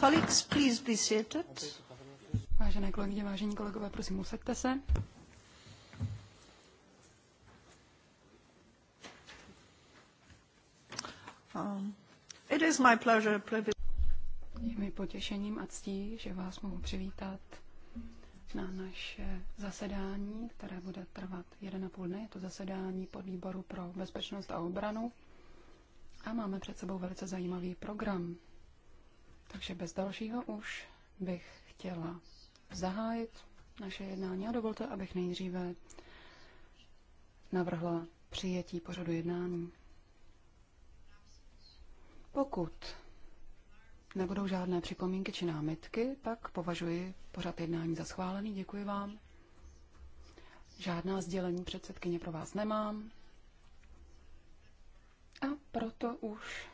Colleagues, please be seated. Vážené kolegyně, vážení kolegové, prosím, usaďte se. Um, it is my pleasure. Je mi potěšením a ctí, že vás mohu přivítat na naše zasedání, které bude trvat půl dne. Je to zasedání podvýboru pro bezpečnost a obranu. A máme před sebou velice zajímavý program. Takže bez dalšího už bych chtěla zahájit naše jednání a dovolte, abych nejdříve navrhla přijetí pořadu jednání. Pokud nebudou žádné připomínky či námitky, pak považuji pořad jednání za schválený. Děkuji vám. Žádná sdělení předsedkyně pro vás nemám. A proto už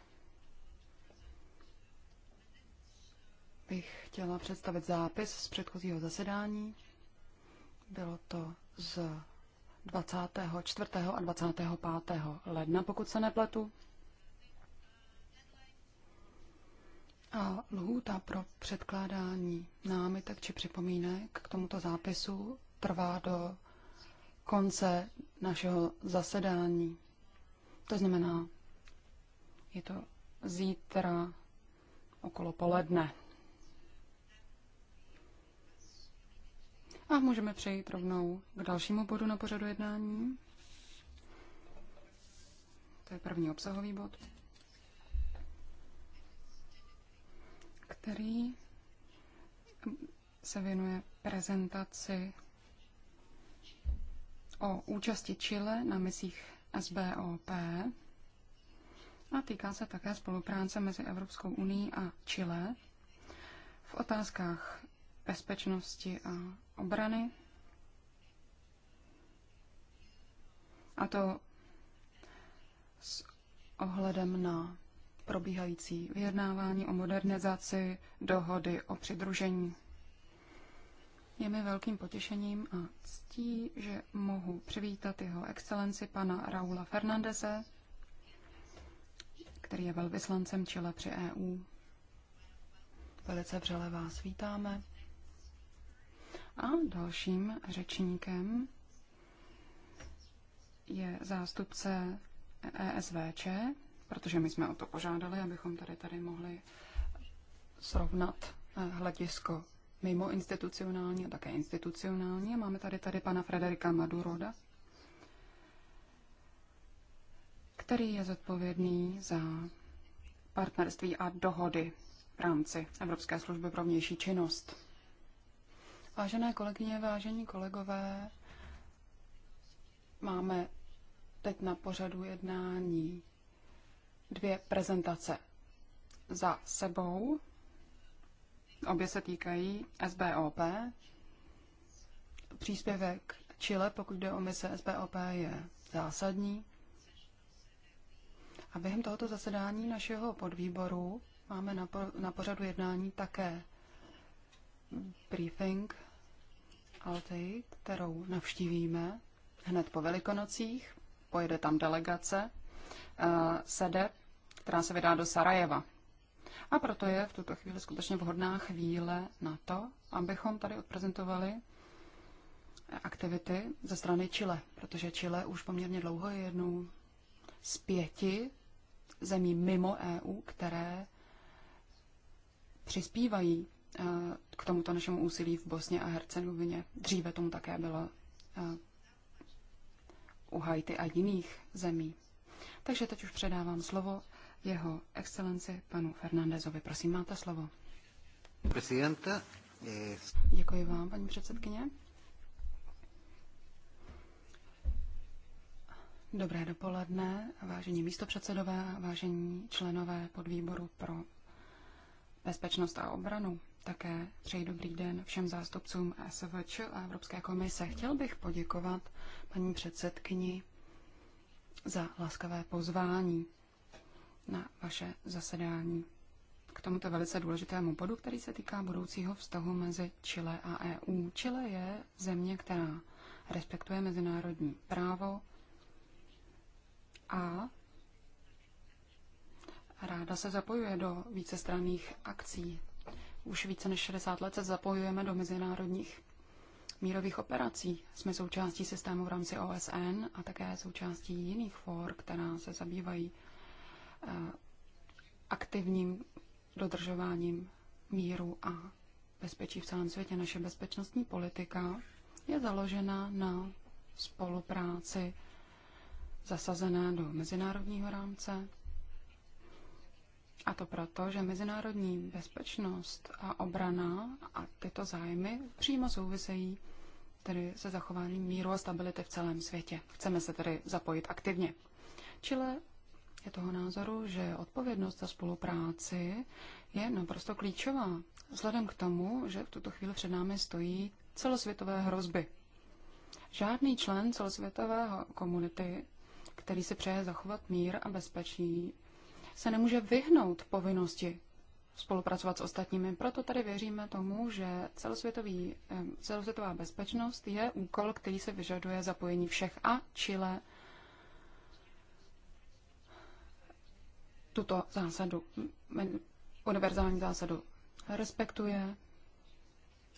bych chtěla představit zápis z předchozího zasedání. Bylo to z 24. a 25. ledna, pokud se nepletu. A lhůta pro předkládání námitek či připomínek k tomuto zápisu trvá do konce našeho zasedání. To znamená, je to zítra okolo poledne. A můžeme přejít rovnou k dalšímu bodu na pořadu jednání. To je první obsahový bod, který se věnuje prezentaci o účasti Chile na misích SBOP a týká se také spolupráce mezi Evropskou uní a Chile v otázkách bezpečnosti a obrany. A to s ohledem na probíhající vyjednávání o modernizaci dohody o přidružení. Je mi velkým potěšením a ctí, že mohu přivítat jeho excelenci pana Raula Fernandeze, který je velvyslancem Chile při EU. Velice vřele vás vítáme a dalším řečníkem je zástupce ESVČ, protože my jsme o to požádali, abychom tady tady mohli srovnat eh, hledisko mimo institucionální a také institucionální. Máme tady tady pana Frederika Maduroda, který je zodpovědný za partnerství a dohody v rámci Evropské služby pro vnější činnost. Vážené kolegyně, vážení kolegové, máme teď na pořadu jednání dvě prezentace za sebou. Obě se týkají SBOP. Příspěvek Chile, pokud jde o mise SBOP, je zásadní. A během tohoto zasedání našeho podvýboru máme na, na pořadu jednání také briefing Alty, kterou navštívíme hned po Velikonocích. Pojede tam delegace uh, sede, která se vydá do Sarajeva. A proto je v tuto chvíli skutečně vhodná chvíle na to, abychom tady odprezentovali aktivity ze strany Chile, protože Chile už poměrně dlouho je jednou z pěti zemí mimo EU, které přispívají k tomuto našemu úsilí v Bosně a Hercegovině. Dříve tomu také bylo eh, u Haiti a jiných zemí. Takže teď už předávám slovo jeho excelenci panu Fernandezovi. Prosím, máte slovo. Presidenta. Eh, Děkuji vám, paní předsedkyně. Dobré dopoledne, vážení místopředsedové, vážení členové podvýboru pro bezpečnost a obranu. Také přeji dobrý den všem zástupcům SVČ a Evropské komise. Chtěl bych poděkovat paní předsedkyni za laskavé pozvání na vaše zasedání k tomuto velice důležitému bodu, který se týká budoucího vztahu mezi Chile a EU. Chile je země, která respektuje mezinárodní právo a ráda se zapojuje do vícestranných akcí už více než 60 let se zapojujeme do mezinárodních mírových operací. Jsme součástí systému v rámci OSN a také součástí jiných for, která se zabývají eh, aktivním dodržováním míru a bezpečí v celém světě. Naše bezpečnostní politika je založena na spolupráci zasazené do mezinárodního rámce a to proto, že mezinárodní bezpečnost a obrana a tyto zájmy přímo souvisejí tedy se zachováním míru a stability v celém světě. Chceme se tedy zapojit aktivně. Čile je toho názoru, že odpovědnost za spolupráci je naprosto klíčová, vzhledem k tomu, že v tuto chvíli před námi stojí celosvětové hrozby. Žádný člen celosvětové komunity, který si přeje zachovat mír a bezpečí, se nemůže vyhnout povinnosti spolupracovat s ostatními. Proto tady věříme tomu, že celosvětový, celosvětová bezpečnost je úkol, který se vyžaduje zapojení všech a Chile tuto zásadu, mm, univerzální zásadu respektuje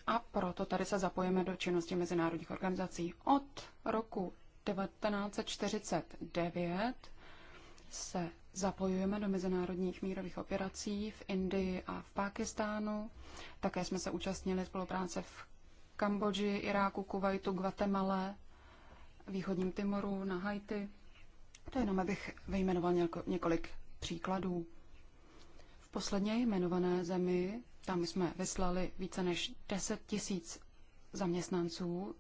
a proto tady se zapojíme do činnosti mezinárodních organizací. Od roku 1949 se zapojujeme do mezinárodních mírových operací v Indii a v Pákistánu. Také jsme se účastnili spolupráce v Kambodži, Iráku, Kuwaitu, Guatemala, východním Timoru, na Haiti. To jenom abych vyjmenoval několik příkladů. V posledně jmenované zemi, tam jsme vyslali více než 10 tisíc zaměstnanců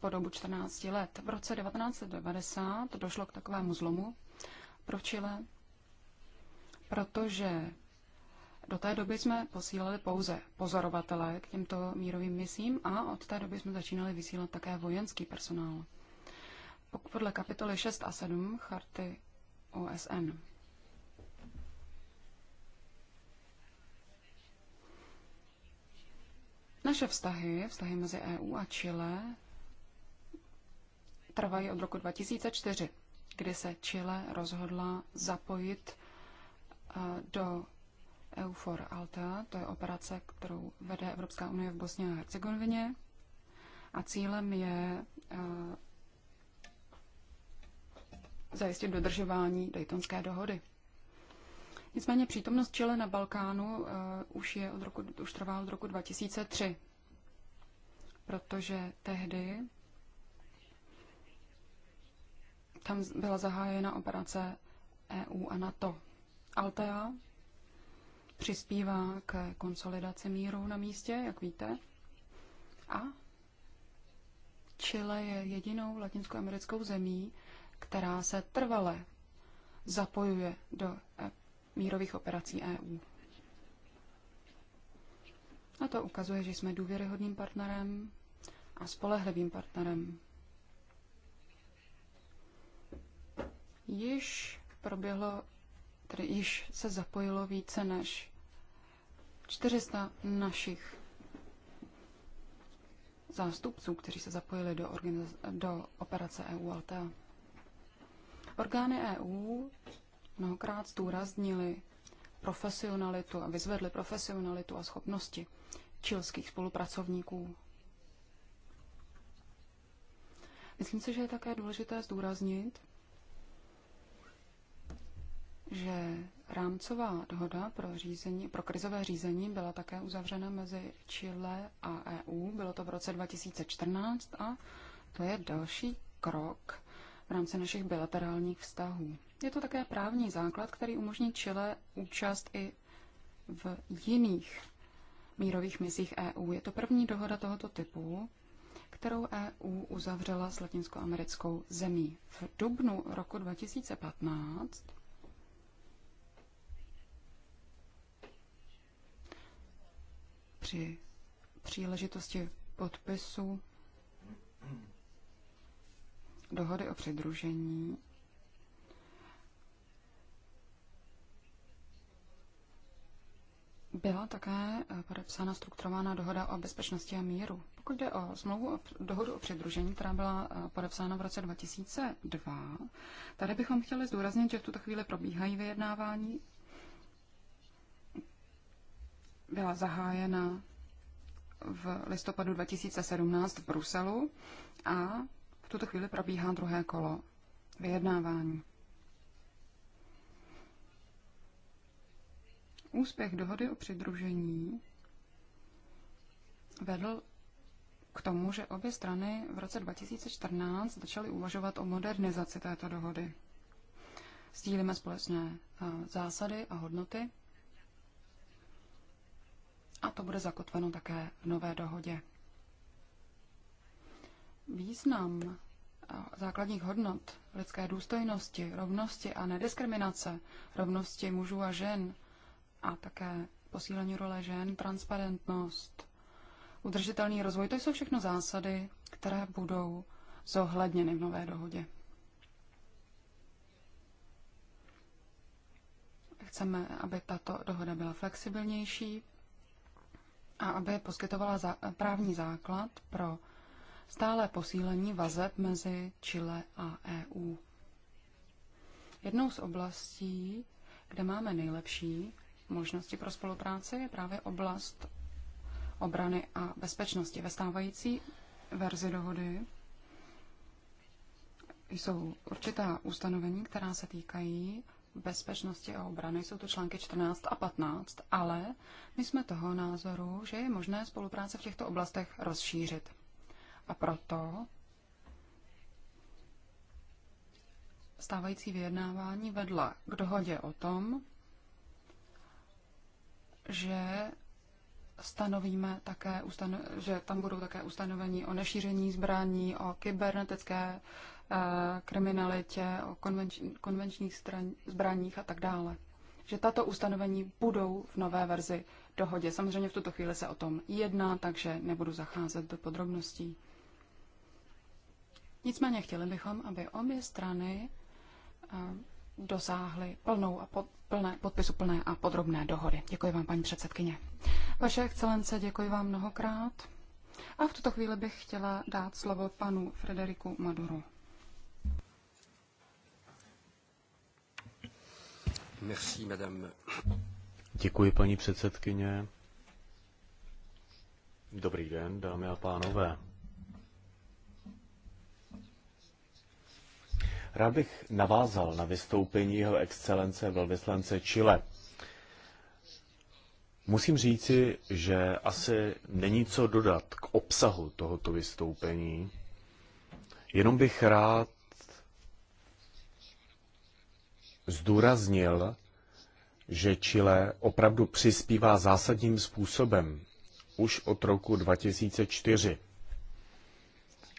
po dobu 14 let. V roce 1990 došlo k takovému zlomu pro Chile protože do té doby jsme posílali pouze pozorovatele k těmto mírovým misím a od té doby jsme začínali vysílat také vojenský personál. Podle kapitoly 6 a 7 charty OSN. Naše vztahy, vztahy mezi EU a Chile, trvají od roku 2004, kdy se Chile rozhodla zapojit Eh, do EUFOR Alta, to je operace, kterou vede Evropská unie v Bosně a Hercegovině. A cílem je eh, zajistit dodržování Daytonské dohody. Nicméně přítomnost Čile na Balkánu uh, už, je od roku, už trvá od roku 2003, protože tehdy tam byla zahájena operace EU a NATO. Altea přispívá k konsolidaci míru na místě, jak víte. A Chile je jedinou latinskoamerickou zemí, která se trvale zapojuje do eh, mírových operací EU. A to ukazuje, že jsme důvěryhodným partnerem a spolehlivým partnerem. Již proběhlo tedy již se zapojilo více než 400 našich zástupců, kteří se zapojili do, do operace EU Alta. Orgány EU mnohokrát zdůraznili profesionalitu a vyzvedli profesionalitu a schopnosti čilských spolupracovníků. Myslím si, že je také důležité zdůraznit, že rámcová dohoda pro, řízení, pro krizové řízení byla také uzavřena mezi Chile a EU. Bylo to v roce 2014 a to je další krok v rámci našich bilaterálních vztahů. Je to také právní základ, který umožní Chile účast i v jiných mírových misích EU. Je to první dohoda tohoto typu, kterou EU uzavřela s latinskoamerickou zemí. V dubnu roku 2015 při příležitosti podpisu dohody o přidružení byla také eh, podepsána strukturovaná dohoda o bezpečnosti a míru. Pokud jde o smlouvu o dohodu o přidružení, která byla eh, podepsána v roce 2002, tady bychom chtěli zdůraznit, že v tuto chvíli probíhají vyjednávání byla zahájena v listopadu 2017 v Bruselu a v tuto chvíli probíhá druhé kolo vyjednávání. Úspěch dohody o přidružení vedl k tomu, že obě strany v roce 2014 začaly uvažovat o modernizaci této dohody. Sdílíme společné eh, zásady a hodnoty a to bude zakotveno také v nové dohodě. Význam eh, základních hodnot lidské důstojnosti, rovnosti a nediskriminace, rovnosti mužů a žen a také posílení role žen, transparentnost, udržitelný rozvoj, to jsou všechno zásady, které budou zohledněny v nové dohodě. Chceme, aby tato dohoda byla flexibilnější, a aby poskytovala za, právní základ pro stále posílení vazeb mezi Chile a EU. Jednou z oblastí, kde máme nejlepší možnosti pro spolupráci, je právě oblast obrany a bezpečnosti. Ve stávající verzi dohody jsou určitá ustanovení, která se týkají bezpečnosti a obrany, jsou to články 14 a 15, ale my jsme toho názoru, že je možné spolupráce v těchto oblastech rozšířit. A proto stávající vyjednávání vedla k dohodě o tom, že stanovíme také, že tam budou také ustanovení o nešíření zbraní, o kybernetické Eh, kriminalitě, o konvenční, konvenčních straň, zbraních a tak dále. Že tato ustanovení budou v nové verzi dohodě. Samozřejmě v tuto chvíli se o tom jedná, takže nebudu zacházet do podrobností. Nicméně chtěli bychom, aby obě strany eh, dosáhly plnou a pod, plné, podpisu plné a podrobné dohody. Děkuji vám, paní předsedkyně. Vaše excelence, děkuji vám mnohokrát. A v tuto chvíli bych chtěla dát slovo panu Frederiku Maduru. Děkuji, paní předsedkyně. Dobrý den, dámy a pánové. Rád bych navázal na vystoupení jeho excelence velvyslance Chile. Musím říci, že asi není co dodat k obsahu tohoto vystoupení. Jenom bych rád zdůraznil, že Chile opravdu přispívá zásadním způsobem už od roku 2004.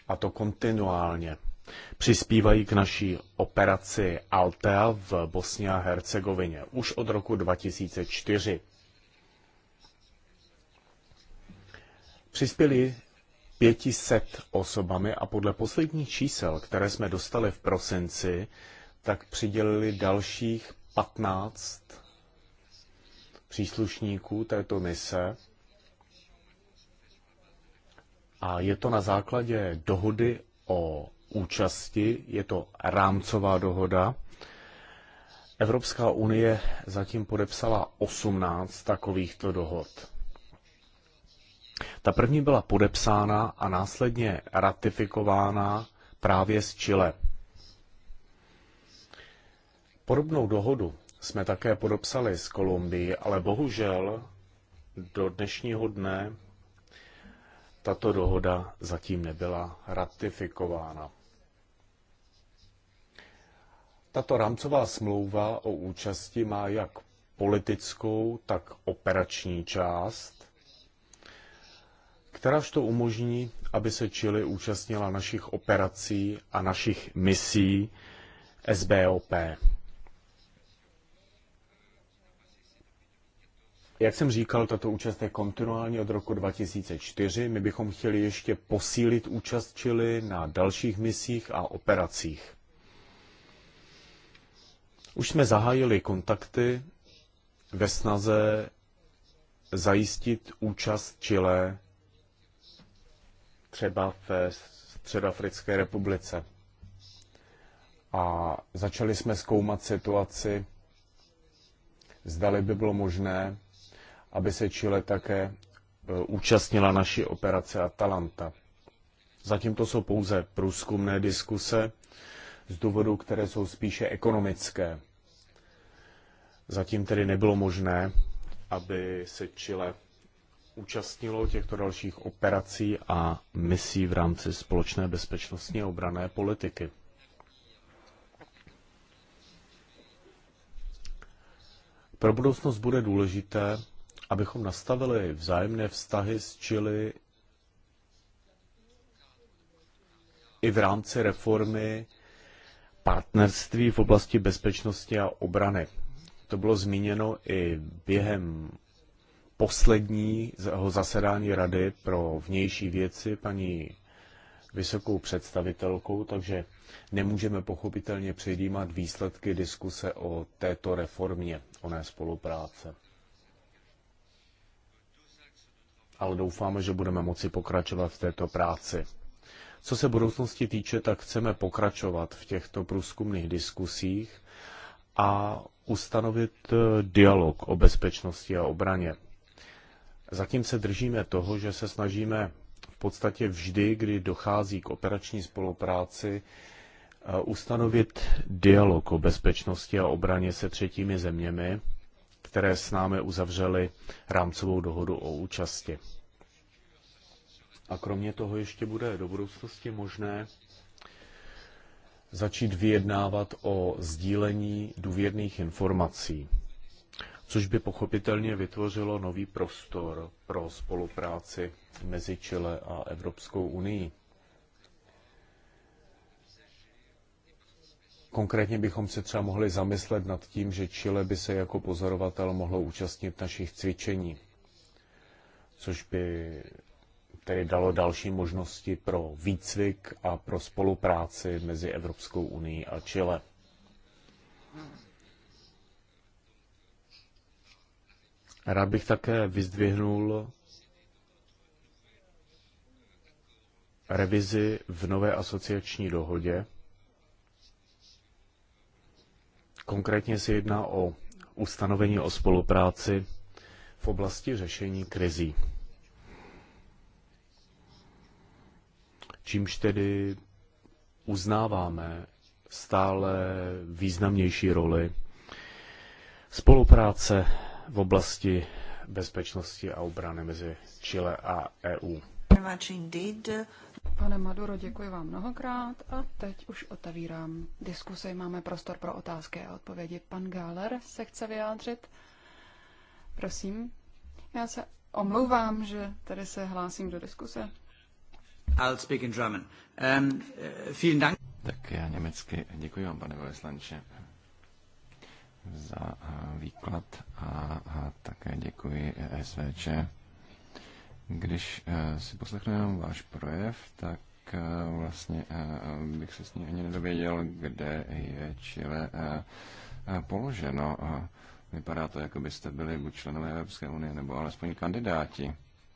A to kontinuálně. Přispívají k naší operaci Altea v Bosně a Hercegovině už od roku 2004. Přispěli 500 osobami a podle posledních čísel, které jsme dostali v prosinci, tak přidělili dalších 15 příslušníků této mise. A je to na základě dohody o účasti, je to rámcová dohoda. Evropská unie zatím podepsala 18 takovýchto dohod. Ta první byla podepsána a následně ratifikována právě s Chile Podobnou dohodu jsme také podepsali s Kolumbií, ale bohužel do dnešního dne tato dohoda zatím nebyla ratifikována. Tato rámcová smlouva o účasti má jak politickou, tak operační část, kteráž to umožní, aby se Chile účastnila našich operací a našich misí SBOP, Jak jsem říkal, tato účast je kontinuální od roku 2004. My bychom chtěli ještě posílit účast Čili na dalších misích a operacích. Už jsme zahájili kontakty ve snaze zajistit účast Chile třeba ve Středoafrické republice. A začali jsme zkoumat situaci, zdali by bylo možné aby se Chile také e, účastnila naší operace Atalanta. Zatím to jsou pouze průzkumné diskuse z důvodů, které jsou spíše ekonomické. Zatím tedy nebylo možné, aby se Chile účastnilo těchto dalších operací a misí v rámci společné bezpečnostní obrané politiky. Pro budoucnost bude důležité, abychom nastavili vzájemné vztahy s Chile i v rámci reformy partnerství v oblasti bezpečnosti a obrany. To bylo zmíněno i během posledního zasedání Rady pro vnější věci paní vysokou představitelkou, takže nemůžeme pochopitelně předjímat výsledky diskuse o této reformě, o spolupráce. ale doufáme, že budeme moci pokračovat v této práci. Co se budoucnosti týče, tak chceme pokračovat v těchto průzkumných diskusích a ustanovit eh, dialog o bezpečnosti a obraně. Zatím se držíme toho, že se snažíme v podstatě vždy, kdy dochází k operační spolupráci, eh, ustanovit dialog o bezpečnosti a obraně se třetími zeměmi, které s námi uzavřely rámcovou dohodu o účasti. A kromě toho ještě bude do budoucnosti možné začít vyjednávat o sdílení důvěrných informací, což by pochopitelně vytvořilo nový prostor pro spolupráci mezi Chile a Evropskou unii. Konkrétně bychom se třeba mohli zamyslet nad tím, že Chile by se jako pozorovatel mohlo účastnit našich cvičení, což by tedy dalo další možnosti pro výcvik a pro spolupráci mezi Evropskou unii a Chile. Rád bych také vyzdvihnul revizi v nové asociační dohodě, Konkrétně se jedná o ustanovení o spolupráci v oblasti řešení krizí. Čímž tedy uznáváme stále významnější roli spolupráce v oblasti bezpečnosti a obrany mezi Chile a EU. Pane Maduro, děkuji vám mnohokrát a teď už otevírám diskusi. Máme prostor pro otázky a odpovědi. Pan Gáler se chce vyjádřit. Prosím. Já se omlouvám, že tady se hlásím do diskuse. I'll speak in German. Um, vielen Dank. Tak já německy. Děkuji vám, pane Veslanče, za uh, výklad a, a také děkuji eh, SVČ když eh, si poslechnu jenom váš projev, tak eh, vlastně eh, bych se s ní ani nedověděl, kde je Chile položeno. Vypadá to, jako byste byli buď členové Evropské unie, nebo alespoň kandidáti.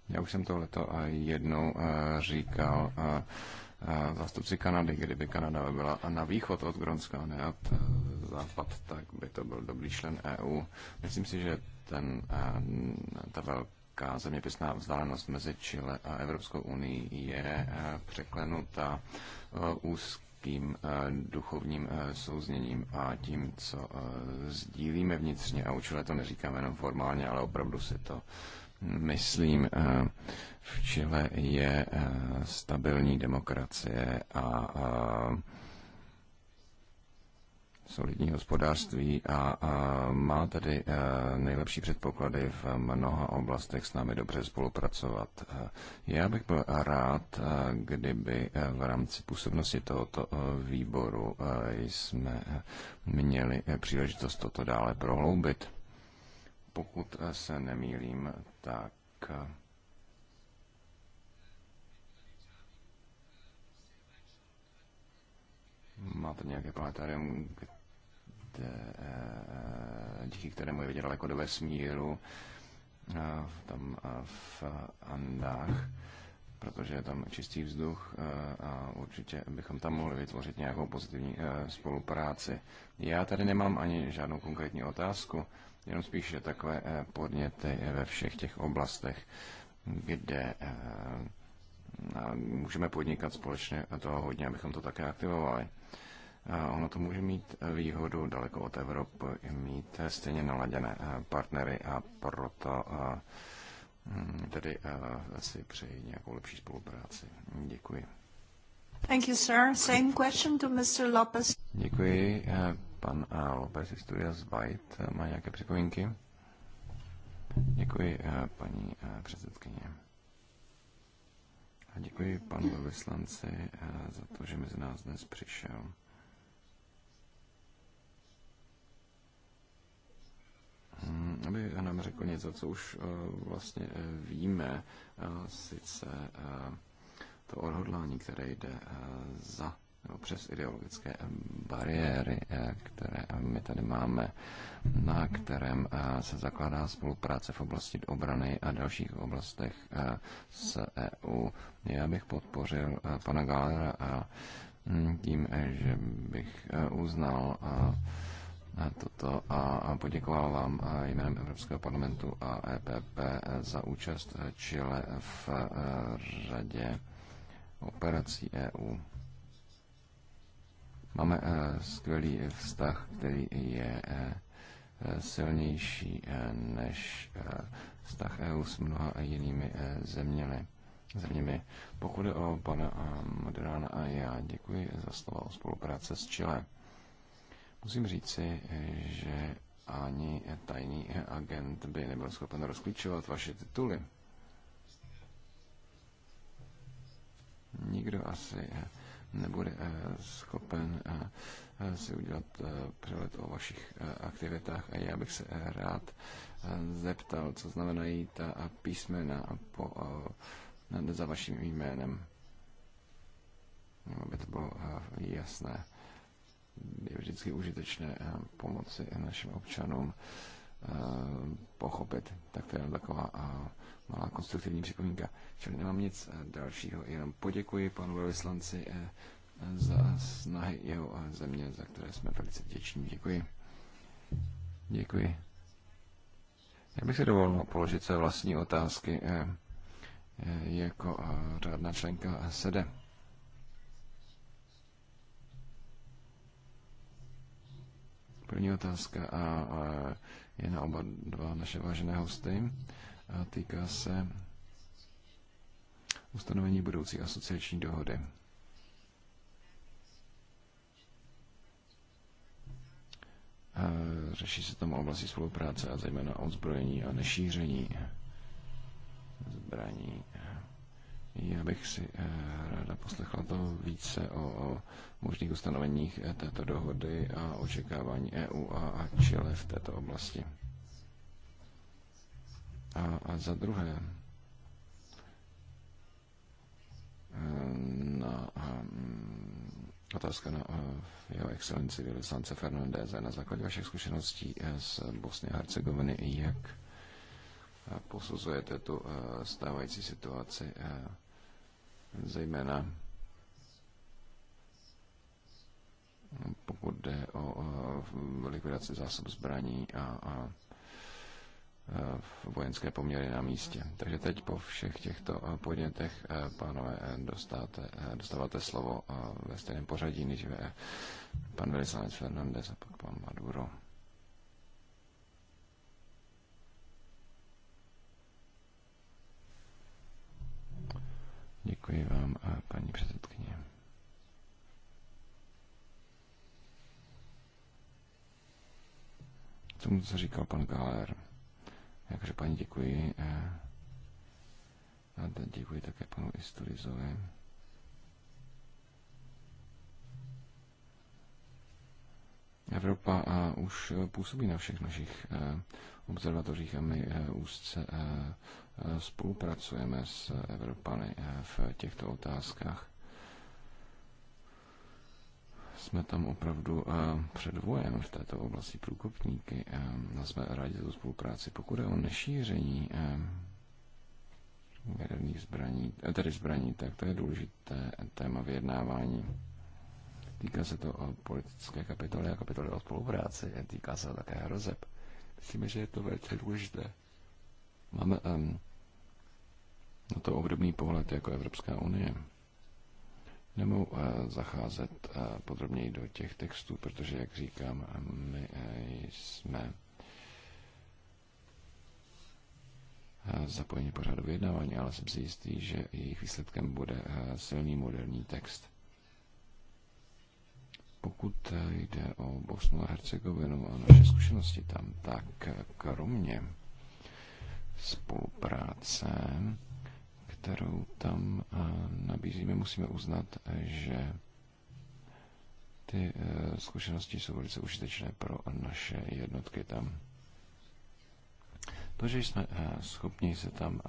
Já už jsem tohleto jednou říkal zastupci Kanady, kdyby Kanada byla na východ od Gronska, ne od západ, tak by to byl dobrý člen EU. Myslím si, že ten, ta velká geografická zeměpisná vzdálenost mezi Chile a Evropskou unii je eh, překlenuta eh, úzkým eh, duchovním souzněním a tím, co sdílíme vnitřně, a u Chile to neříkáme jenom formálně, ale opravdu si to myslím, v Chile je stabilní demokracie a solidní hospodářství a, a má tedy e, nejlepší předpoklady v mnoha oblastech s námi dobře spolupracovat. E, já bych byl rád, e, kdyby v rámci působnosti tohoto výboru jsme měli příležitost toto dále prohloubit. Pokud se nemýlím, tak máte nějaké planetárium, Eh, eh, díky kterému je viděl daleko do vesmíru, eh, tam v Andách, protože je tam čistý vzduch a určitě bychom tam mohli vytvořit nějakou pozitivní spolupráci. Já tady nemám ani žádnou konkrétní otázku, jenom spíše takové podněty ve všech těch oblastech, kde můžeme podnikat společně toho hodně, abychom to také aktivovali ono to může mít eh, výhodu daleko od Evropy, mít eh, stejně naladěné eh, partnery a proto mm, tedy si přeji nějakou lepší spolupráci. Děkuji. Thank you, sir. Same question to Mr. Lopez. Děkuji. Pan Lopez z studia z Bajt má nějaké připomínky? Děkuji, paní předsedkyně. A děkuji panu vyslanci za to, že mezi nás dnes přišel. Hmm, aby nám řekl něco, co už eh, vlastně eh, víme, eh, sice to odhodlání, které jde za nebo přes ideologické bariéry, které my tady máme, na kterém se zakládá spolupráce v oblasti obrany a dalších oblastech s EU. Já bych podpořil pana Galera tím, že bych uznal toto a poděkoval vám jménem Evropského parlamentu a EPP za účast e, Chile v e, řadě operací EU. Máme e, skvělý vztah, který je silnější než vztah EU s mnoha jinými zeměmi. zeměmi. Pokud je o pana Moderána a já děkuji za slova o spolupráce s Chile. Musím říci, že ani tajný agent by nebyl schopen rozklíčovat vaše tituly. Nikdo asi nebude eh, schopen eh, si udělat eh, přehled o vašich aktivitách a já bych se rád zeptal, co znamenají ta písmena po, za vaším jménem. Aby to bylo jasné je vždycky užitečné eh, pomoci našim občanům eh, pochopit. Tak to je taková eh, malá konstruktivní připomínka. Čili nemám nic dalšího, jenom poděkuji panu velvyslanci za snahy jeho země, za které jsme velice vděční. Děkuji. Děkuji. Já bych si dovolil položit své vlastní otázky jako řádná členka SEDE. První otázka a, a je na oba dva naše vážené hosty a týká se ustanovení budoucí asociační dohody. A řeší se tam oblasti spolupráce a zejména odzbrojení a nešíření zbraní. Já bych si eh, ráda poslechla to více o, o možných ustanoveních eh, této dohody a očekávání EU a, Chile v této oblasti. A, a za druhé, eh, na mm, Otázka na jeho excelenci Vilisance Fernandéze. Na základě vašich zkušeností z Bosny a Hercegoviny, jak posuzujete tu stávající situaci zejména pokud jde o likvidaci zásob zbraní a, a vojenské poměry na místě. Takže teď po všech těchto eh, podnětech, eh, pánové, eh, dostáte, dostáváte slovo ve stejném pořadí, než ve pan Velislavec Fernandez a pak pan Maduro. Děkuji vám, a paní předsedkyně. K tomu, co říkal pan Galer, jakže paní děkuji. Eh, a děkuji také panu Isturizovi. Evropa a už e, působí na všech našich e, observatořích a my e, úzce spolupracujeme s Evropany v těchto otázkách. Jsme tam opravdu předvojem v této oblasti průkopníky a jsme rádi za spolupráci. Pokud je o nešíření jaderných zbraní, tedy zbraní, tak to je důležité téma vyjednávání Týká se to o politické kapitoly a kapitoly o spolupráci. Týká se to také hrozeb. Myslíme, že je to velice důležité. Máme um, na to obdobný pohled jako Evropská unie. Nemohu uh, zacházet uh, podrobněji do těch textů, protože, jak říkám, my uh, jsme zapojení pořadu vyjednávání, ale jsem si jistý, že jejich výsledkem bude silný moderní text. Pokud eh, jde o Bosnu a Hercegovinu a naše zkušenosti tam, tak eh, kromě spolupráce, kterou tam eh, nabízíme, musíme uznat, že ty zkušenosti jsou velice užitečné pro naše jednotky tam. To, že jsme schopni se tam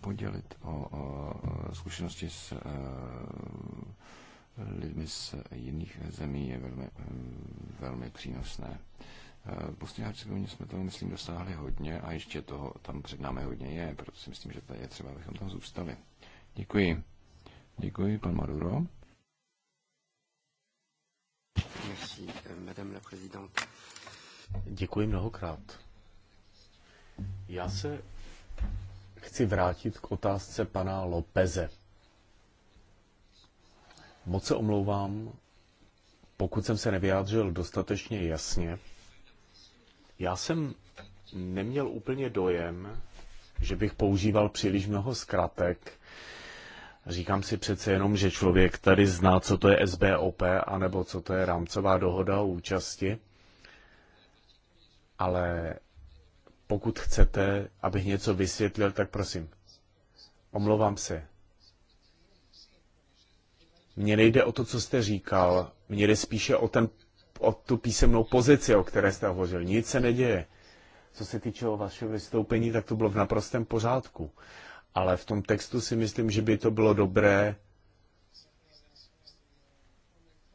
podělit o zkušenosti s lidmi z jiných zemí je velmi, velmi přínosné. V Bosně a Hercegovině jsme toho, myslím, dosáhli hodně a ještě toho tam před námi hodně je, proto si myslím, že tady je třeba, abychom tam zůstali. Děkuji. Děkuji, pan Maduro. Merci, madame la présidente. Děkuji mnohokrát. Já se chci vrátit k otázce pana Lopeze Moc se omlouvám, pokud jsem se nevyjádřil dostatečně jasně. Já jsem neměl úplně dojem, že bych používal příliš mnoho zkratek. Říkám si přece jenom, že člověk tady zná, co to je SBOP, anebo co to je rámcová dohoda o účasti. Ale pokud chcete, abych něco vysvětlil, tak prosím. Omlouvám se. Mně nejde o to, co jste říkal, mně jde spíše o, ten, o tu písemnou pozici, o které jste hovořil. Nic se neděje. Co se týče vašeho vystoupení, tak to bylo v naprostém pořádku. Ale v tom textu si myslím, že by to bylo dobré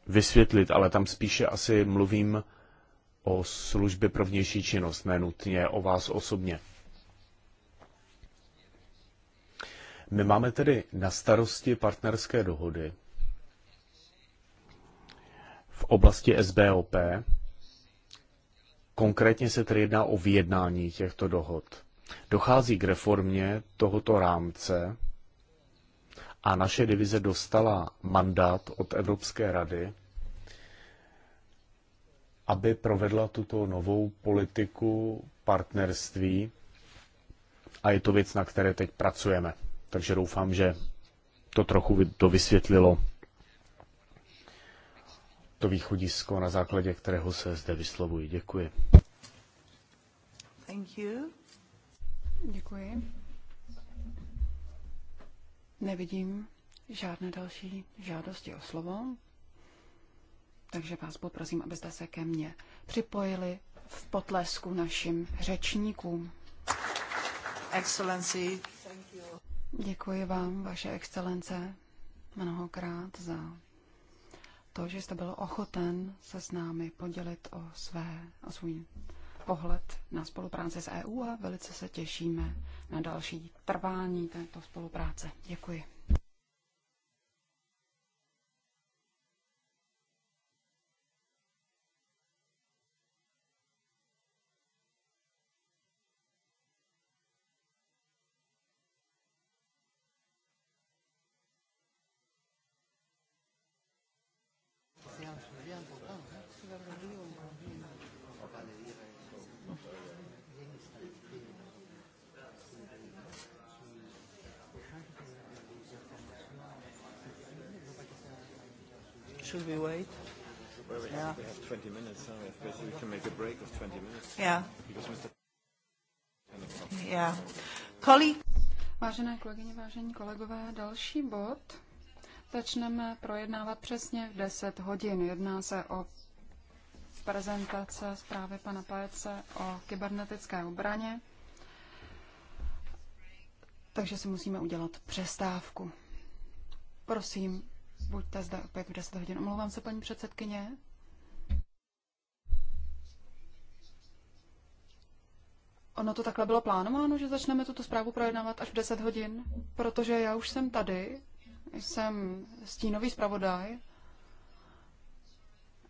vysvětlit, ale tam spíše asi mluvím o službě pro vnější činnost, ne nutně o vás osobně. My máme tedy na starosti partnerské dohody v oblasti SBOP. Konkrétně se tedy jedná o vyjednání těchto dohod. Dochází k reformě tohoto rámce a naše divize dostala mandát od Evropské rady, aby provedla tuto novou politiku partnerství a je to věc, na které teď pracujeme. Takže doufám, že to trochu to vysvětlilo to východisko, na základě kterého se zde vyslovuji. Děkuji. Thank you. Děkuji. Nevidím žádné další žádosti o slovo, takže vás poprosím, abyste se ke mně připojili v potlesku našim řečníkům. Excellency. Děkuji vám, vaše excelence, mnohokrát za to, že jste byl ochoten se s námi podělit o, své, o svůj pohled na spolupráci s EU a velice se těšíme na další trvání této spolupráce. Děkuji. Should we wait? Well, we, yeah. have, we have 20 minutes. So we can make a break of 20 minutes. Yeah. Because Mr. Yeah. Colleague. Vážené kolegyně, vážení kolegové, další bod začneme projednávat přesně v 10 hodin. Jedná se o prezentace zprávy pana Pajece o kybernetické obraně. Takže si musíme udělat přestávku. Prosím, buďte zde opět v 10 hodin. Omlouvám se, paní předsedkyně. Ono to takhle bylo plánováno, že začneme tuto zprávu projednávat až v 10 hodin, protože já už jsem tady, jsem stínový zpravodaj.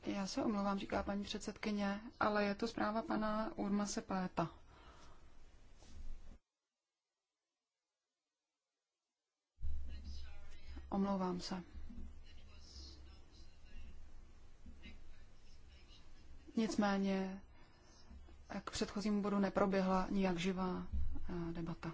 Já se omlouvám, říká paní předsedkyně, ale je to zpráva pana Urmase Péta. Omlouvám se. Nicméně k předchozímu bodu neproběhla nijak živá eh, debata.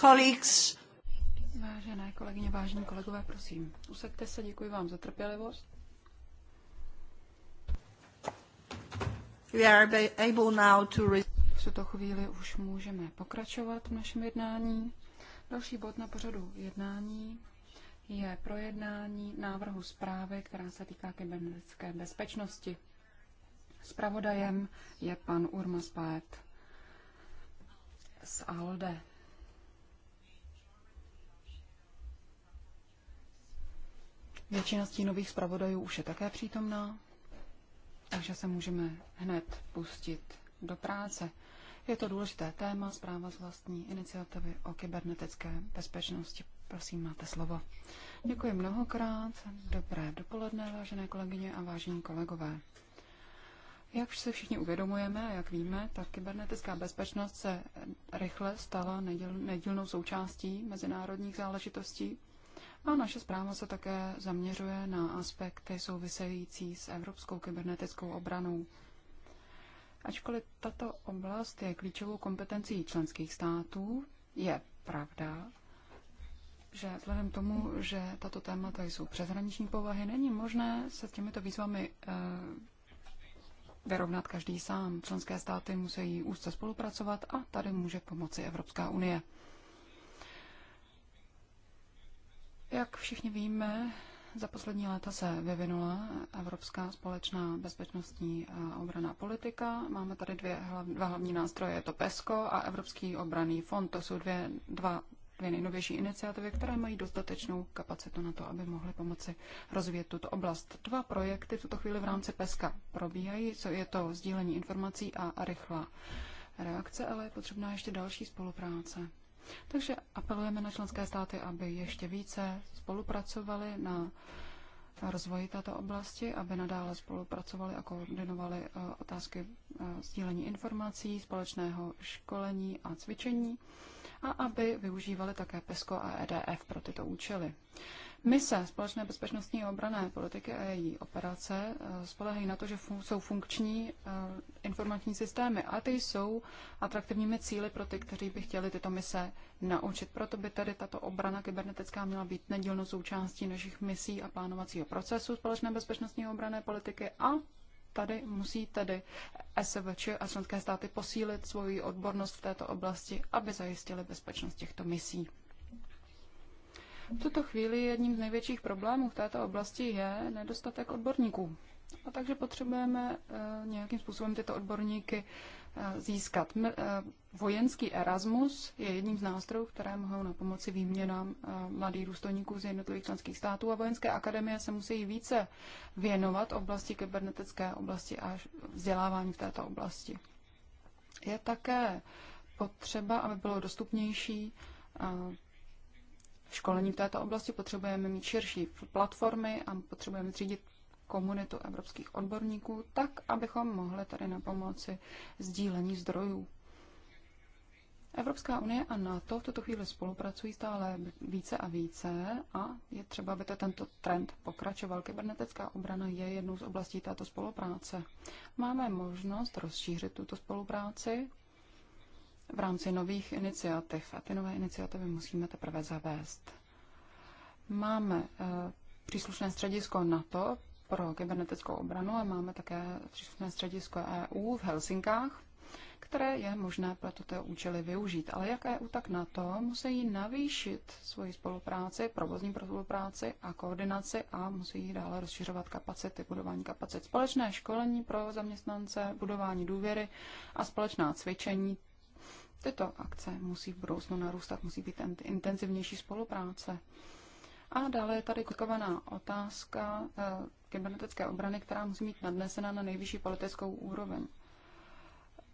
Colleagues. Vážené kolegyně, vážení kolegové, prosím, usaďte se, děkuji vám za trpělivost. We are able now to... V tuto chvíli už můžeme pokračovat v našem jednání. Další bod na pořadu jednání je projednání návrhu zprávy, která se týká kybernetické bezpečnosti. Spravodajem je pan Urmas Paet z ALDE. Většina stínových zpravodajů už je také přítomná, takže se můžeme hned pustit do práce. Je to důležité téma, zpráva z vlastní iniciativy o kybernetické bezpečnosti. Prosím, máte slovo. Děkuji mnohokrát. Dobré dopoledne, vážené kolegyně a vážení kolegové. Jak se všichni uvědomujeme a jak víme, tak kybernetická bezpečnost se rychle stala nedílnou součástí mezinárodních záležitostí a naše zpráva se také zaměřuje na aspekty související s evropskou kybernetickou obranou. Ačkoliv tato oblast je klíčovou kompetencí členských států, je pravda, že vzhledem tomu, že tato témata jsou přeshraniční povahy, není možné se s těmito výzvami e, vyrovnat každý sám. Členské státy musí úzce spolupracovat a tady může pomoci Evropská unie. Jak všichni víme, za poslední léta se vyvinula evropská společná bezpečnostní a obraná politika. Máme tady dvě, hlav, dva hlavní nástroje, je to PESCO a Evropský obraný fond. To jsou dvě, dva, dvě nejnovější iniciativy, které mají dostatečnou kapacitu na to, aby mohly pomoci rozvíjet tuto oblast. Dva projekty v tuto chvíli v rámci PESCA probíhají, co je to sdílení informací a rychlá reakce, ale je potřebná ještě další spolupráce. Takže apelujeme na členské státy, aby ještě více spolupracovali na rozvoji této oblasti, aby nadále spolupracovali a koordinovali eh, otázky eh, sdílení informací, společného školení a cvičení a aby využívali také PESCO a EDF pro tyto účely. Mise společné bezpečnostní a obrané politiky a její operace eh, spolehají na to, že fun- jsou funkční eh, informační systémy a ty jsou atraktivními cíly pro ty, kteří by chtěli tyto mise naučit. Proto by tedy tato obrana kybernetická měla být nedílnou součástí našich misí a plánovacího procesu společné bezpečnostní a obrané politiky a tady musí tedy SVČ a členské státy posílit svoji odbornost v této oblasti, aby zajistili bezpečnost těchto misí. V tuto chvíli jedním z největších problémů v této oblasti je nedostatek odborníků. A takže potřebujeme eh, nějakým způsobem tyto odborníky eh, získat. Eh, vojenský Erasmus je jedním z nástrojů, které mohou na pomoci výměnám mladých důstojníků z jednotlivých členských států a vojenské akademie se musí více věnovat oblasti kybernetické oblasti a vzdělávání v této oblasti. Je také potřeba, aby bylo dostupnější školení v této oblasti, potřebujeme mít širší platformy a potřebujeme zřídit komunitu evropských odborníků, tak, abychom mohli tady na pomoci sdílení zdrojů. Evropská unie a NATO v tuto chvíli spolupracují stále více a více a je třeba, aby tento trend pokračoval. Kybernetická obrana je jednou z oblastí této spolupráce. Máme možnost rozšířit tuto spolupráci v rámci nových iniciativ. A ty nové iniciativy musíme teprve zavést. Máme eh, příslušné středisko NATO pro kybernetickou obranu a máme také příslušné středisko EU v Helsinkách, které je možné pro tyto účely využít. Ale jak EU, tak NATO musí navýšit svoji spolupráci, provozní spolupráci a koordinaci a musí dále rozšiřovat kapacity, budování kapacit, společné školení pro zaměstnance, budování důvěry a společná cvičení. Tyto akce musí v budoucnu narůstat, musí být intenzivnější spolupráce. A dále je tady klikovaná otázka eh, kybernetické obrany, která musí být nadnesena na nejvyšší politickou úroveň.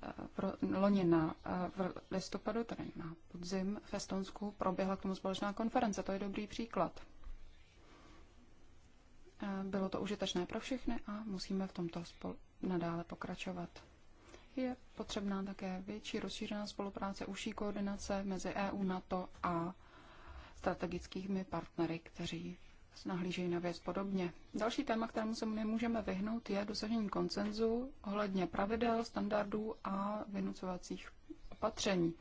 Eh, pro, loni na, eh, v listopadu, tedy na podzim v Estonsku, proběhla k tomu společná konference. To je dobrý příklad. Bylo to užitečné pro všechny a musíme v tomto spol- nadále pokračovat je potřebná také větší rozšířená spolupráce, užší koordinace mezi EU, NATO a strategickými partnery, kteří nahlížejí na věc podobně. Další téma, kterému se nemůžeme vyhnout, je dosažení koncenzu ohledně pravidel, standardů a vynucovacích opatření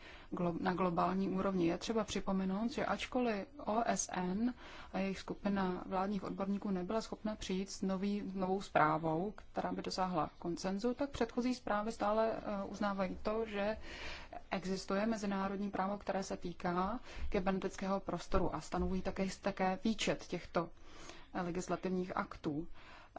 na globální úrovni. Je třeba připomenout, že ačkoliv OSN a jejich skupina vládních odborníků nebyla schopna přijít s nový, novou zprávou, která by dosáhla koncenzu, tak předchozí zprávy stále eh, uznávají to, že existuje mezinárodní právo, které se týká kybernetického prostoru a stanovují také, také výčet těchto eh, legislativních aktů.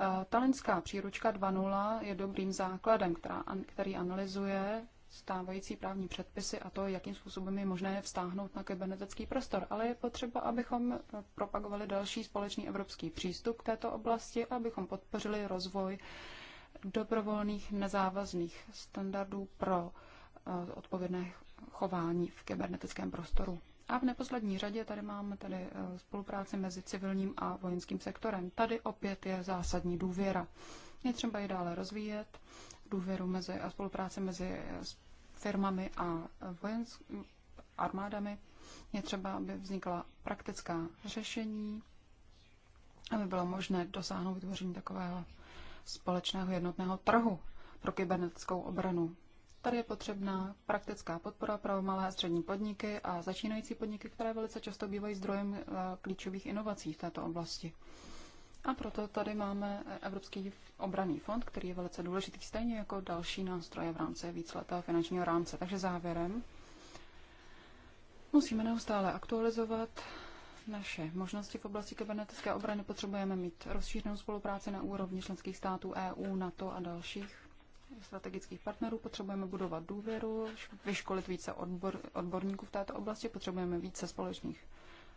Eh, talinská příručka 2.0 je dobrým základem, která, který analyzuje stávající právní předpisy a to, jakým způsobem je možné vztáhnout na kybernetický prostor. Ale je potřeba, abychom propagovali další společný evropský přístup k této oblasti, abychom podpořili rozvoj dobrovolných nezávazných standardů pro eh, odpovědné chování v kybernetickém prostoru. A v neposlední řadě tady máme tady eh, spolupráci mezi civilním a vojenským sektorem. Tady opět je zásadní důvěra. Je třeba ji dále rozvíjet, důvěru mezi a spolupráce mezi eh, firmami a vojenskými armádami. Je třeba, aby vznikla praktická řešení, aby bylo možné dosáhnout vytvoření takového společného jednotného trhu pro kybernetickou obranu. Tady je potřebná praktická podpora pro malé a střední podniky a začínající podniky, které velice často bývají zdrojem eh, klíčových inovací v této oblasti. A proto tady máme Evropský obraný fond, který je velice důležitý, stejně jako další nástroje v rámci víceletého finančního rámce. Takže závěrem musíme neustále aktualizovat naše možnosti v oblasti kybernetické obrany. Potřebujeme mít rozšířenou spolupráci na úrovni členských států EU, NATO a dalších strategických partnerů, potřebujeme budovat důvěru, vyškolit více odbor, odborníků v této oblasti, potřebujeme více společných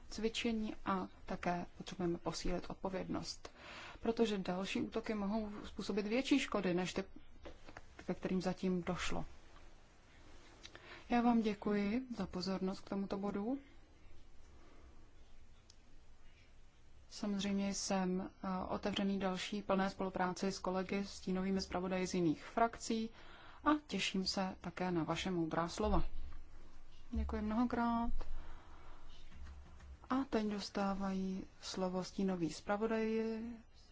cvičení a také potřebujeme posílit odpovědnost. Protože další útoky mohou způsobit větší škody, než ty, ke kterým zatím došlo. Já vám děkuji za pozornost k tomuto bodu. Samozřejmě jsem eh, otevřený další plné spolupráci s kolegy, s tínovými zpravodaji z jiných frakcí a těším se také na vaše moudrá slova. Děkuji mnohokrát. A teď dostávají slovo stínový zpravodaj,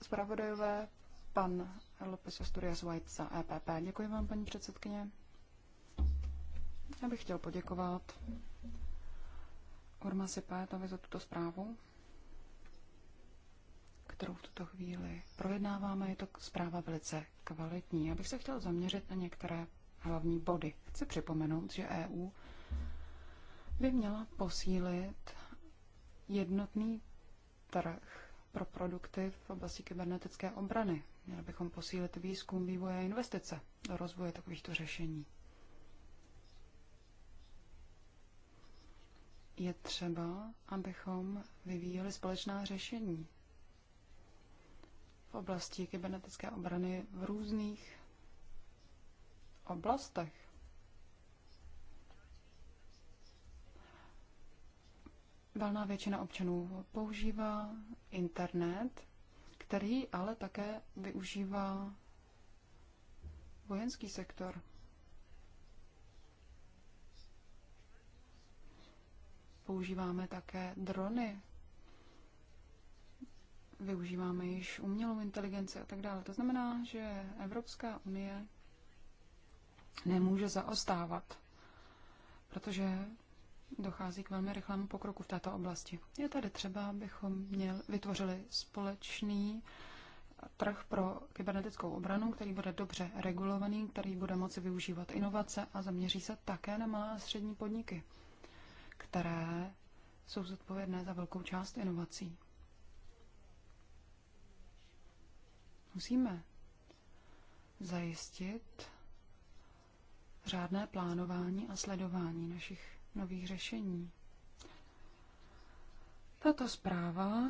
zpravodajové, pan Lopez Asturias White za EPP. Děkuji vám, paní předsedkyně. Já bych chtěl poděkovat Urmasi Pátovi za tuto zprávu, kterou v tuto chvíli projednáváme. Je to zpráva velice kvalitní. Já bych se chtěl zaměřit na některé hlavní body. Chci připomenout, že EU by měla posílit jednotný trh pro produkty v oblasti kybernetické obrany. Měli bychom posílit výzkum, vývoj a investice do rozvoje takovýchto řešení. Je třeba, abychom vyvíjeli společná řešení v oblasti kybernetické obrany v různých oblastech. valná většina občanů používá internet, který ale také využívá vojenský sektor. Používáme také drony, využíváme již umělou inteligenci a tak dále. To znamená, že Evropská unie nemůže zaostávat, protože dochází k velmi rychlému pokroku v této oblasti. Je tady třeba, abychom měl, vytvořili společný trh pro kybernetickou obranu, který bude dobře regulovaný, který bude moci využívat inovace a zaměří se také na malé a střední podniky, které jsou zodpovědné za velkou část inovací. Musíme zajistit řádné plánování a sledování našich nových řešení. Tato zpráva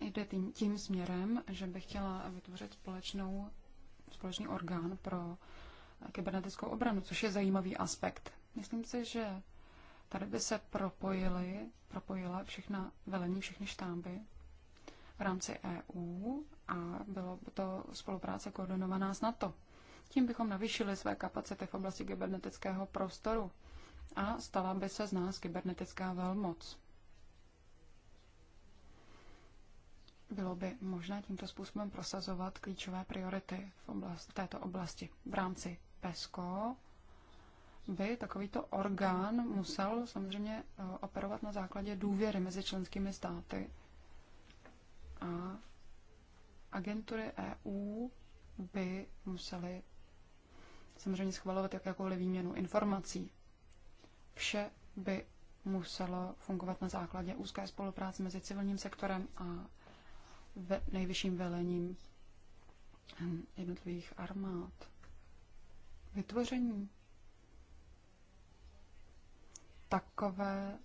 jde tím, tím směrem, že bych chtěla vytvořit společnou, společný orgán pro kybernetickou obranu, což je zajímavý aspekt. Myslím si, že tady by se propojily, propojila všechna velení, všechny štáby v rámci EU a bylo by to spolupráce koordinovaná s NATO. Tím bychom navýšili své kapacity v oblasti kybernetického prostoru a stala by se z nás kybernetická velmoc. Bylo by možné tímto způsobem prosazovat klíčové priority v oblast, této oblasti. V rámci PESCO by takovýto orgán musel samozřejmě eh, operovat na základě důvěry mezi členskými státy a agentury EU by musely samozřejmě schvalovat jakoukoliv výměnu informací. Vše by muselo fungovat na základě úzké spolupráce mezi civilním sektorem a ve nejvyšším velením ehm, jednotlivých armád. Vytvoření takové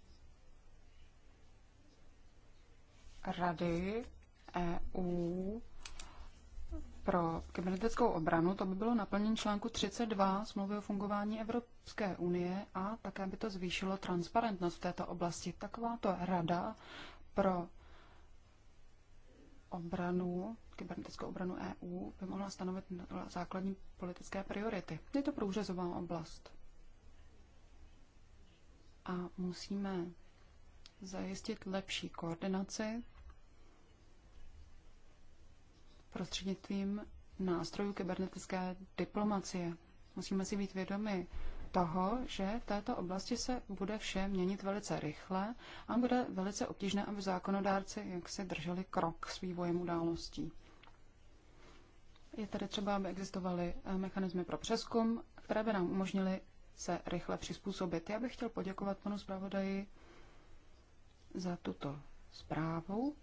rady EU pro kybernetickou obranu, to by bylo naplnění článku 32 smlouvy o fungování Evropské unie a také by to zvýšilo transparentnost v této oblasti. Takováto rada pro obranu, kybernetickou obranu EU by mohla stanovit základní politické priority. Je to průřezová oblast. A musíme zajistit lepší koordinaci prostřednictvím nástrojů kybernetické diplomacie. Musíme si být vědomi toho, že v této oblasti se bude vše měnit velice rychle a bude velice obtížné, aby zákonodárci jak se drželi krok s vývojem událostí. Je tady třeba, aby existovaly eh, mechanismy pro přeskum, které by nám umožnily se rychle přizpůsobit. Já bych chtěl poděkovat panu zpravodaji za tuto zprávu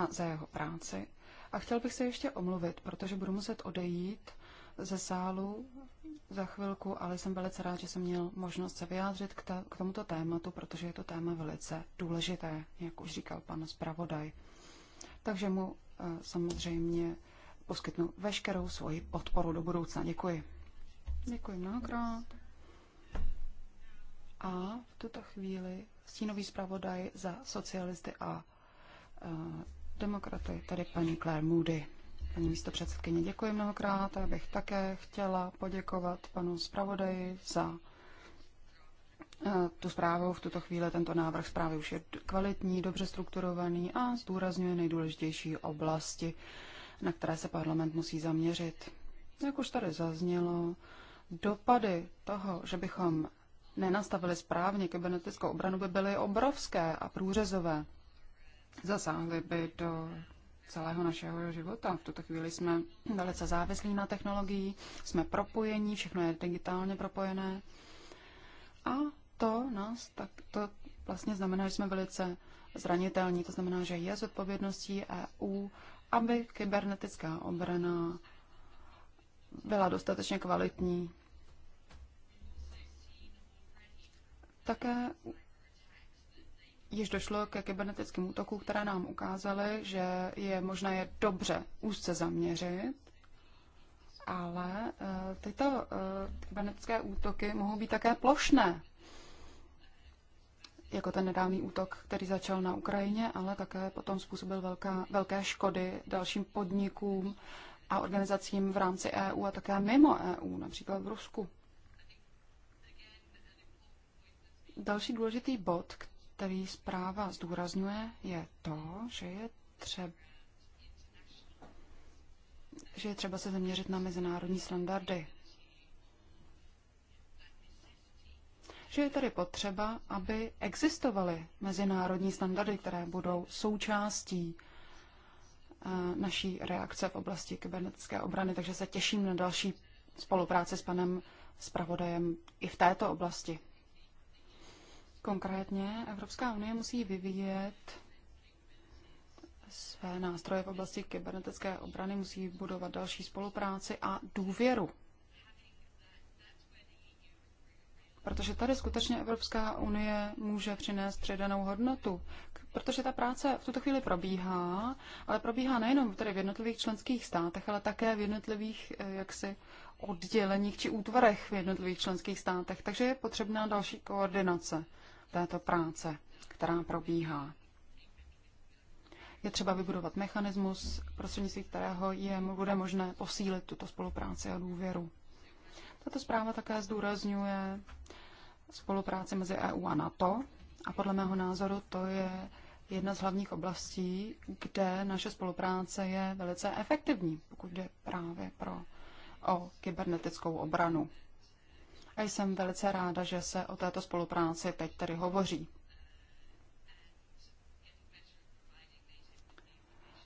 a za jeho práci a chtěl bych se ještě omluvit, protože budu muset odejít ze sálu za chvilku, ale jsem velice rád, že jsem měl možnost se vyjádřit k, ta, k tomuto tématu, protože je to téma velice důležité, jak už říkal pan zpravodaj. Takže mu eh, samozřejmě poskytnu veškerou svoji podporu do budoucna. Děkuji. Děkuji mnohokrát. A v tuto chvíli stínový zpravodaj za socialisty a eh, demokraty, tady paní Claire Moody. Paní místo předsedkyně, děkuji mnohokrát. Já bych také chtěla poděkovat panu zpravodaji za eh, tu zprávu. V tuto chvíli tento návrh zprávy už je kvalitní, dobře strukturovaný a zdůrazňuje nejdůležitější oblasti, na které se parlament musí zaměřit. Jak už tady zaznělo, dopady toho, že bychom nenastavili správně kybernetickou obranu, by byly obrovské a průřezové zasáhly by do celého našeho života. V tuto chvíli jsme velice závislí na technologii, jsme propojení, všechno je digitálně propojené. A to nás, tak to vlastně znamená, že jsme velice zranitelní. To znamená, že je zodpovědností EU, aby kybernetická obrana byla dostatečně kvalitní. Také již došlo ke kybernetickým útokům, které nám ukázaly, že je možné je dobře úzce zaměřit, ale eh, tyto eh, kybernetické útoky mohou být také plošné, jako ten nedávný útok, který začal na Ukrajině, ale také potom způsobil velká, velké škody dalším podnikům a organizacím v rámci EU a také mimo EU, například v Rusku. Další důležitý bod, který zpráva zdůrazňuje, je to, že je třeba že je třeba se zaměřit na mezinárodní standardy. Že je tady potřeba, aby existovaly mezinárodní standardy, které budou součástí eh, naší reakce v oblasti kybernetické obrany, takže se těším na další spolupráci s panem zpravodajem i v této oblasti. Konkrétně Evropská unie musí vyvíjet své nástroje v oblasti kybernetické obrany, musí budovat další spolupráci a důvěru. Protože tady skutečně Evropská unie může přinést přidanou hodnotu. Protože ta práce v tuto chvíli probíhá, ale probíhá nejenom tady v jednotlivých členských státech, ale také v jednotlivých eh, jaksi, odděleních či útvarech v jednotlivých členských státech. Takže je potřebná další koordinace této práce, která probíhá. Je třeba vybudovat mechanismus, prostřednictvím kterého je, bude možné posílit tuto spolupráci a důvěru. Tato zpráva také zdůrazňuje spolupráci mezi EU a NATO a podle mého názoru to je jedna z hlavních oblastí, kde naše spolupráce je velice efektivní, pokud jde právě pro, o kybernetickou obranu a jsem velice ráda, že se o této spolupráci teď tady hovoří.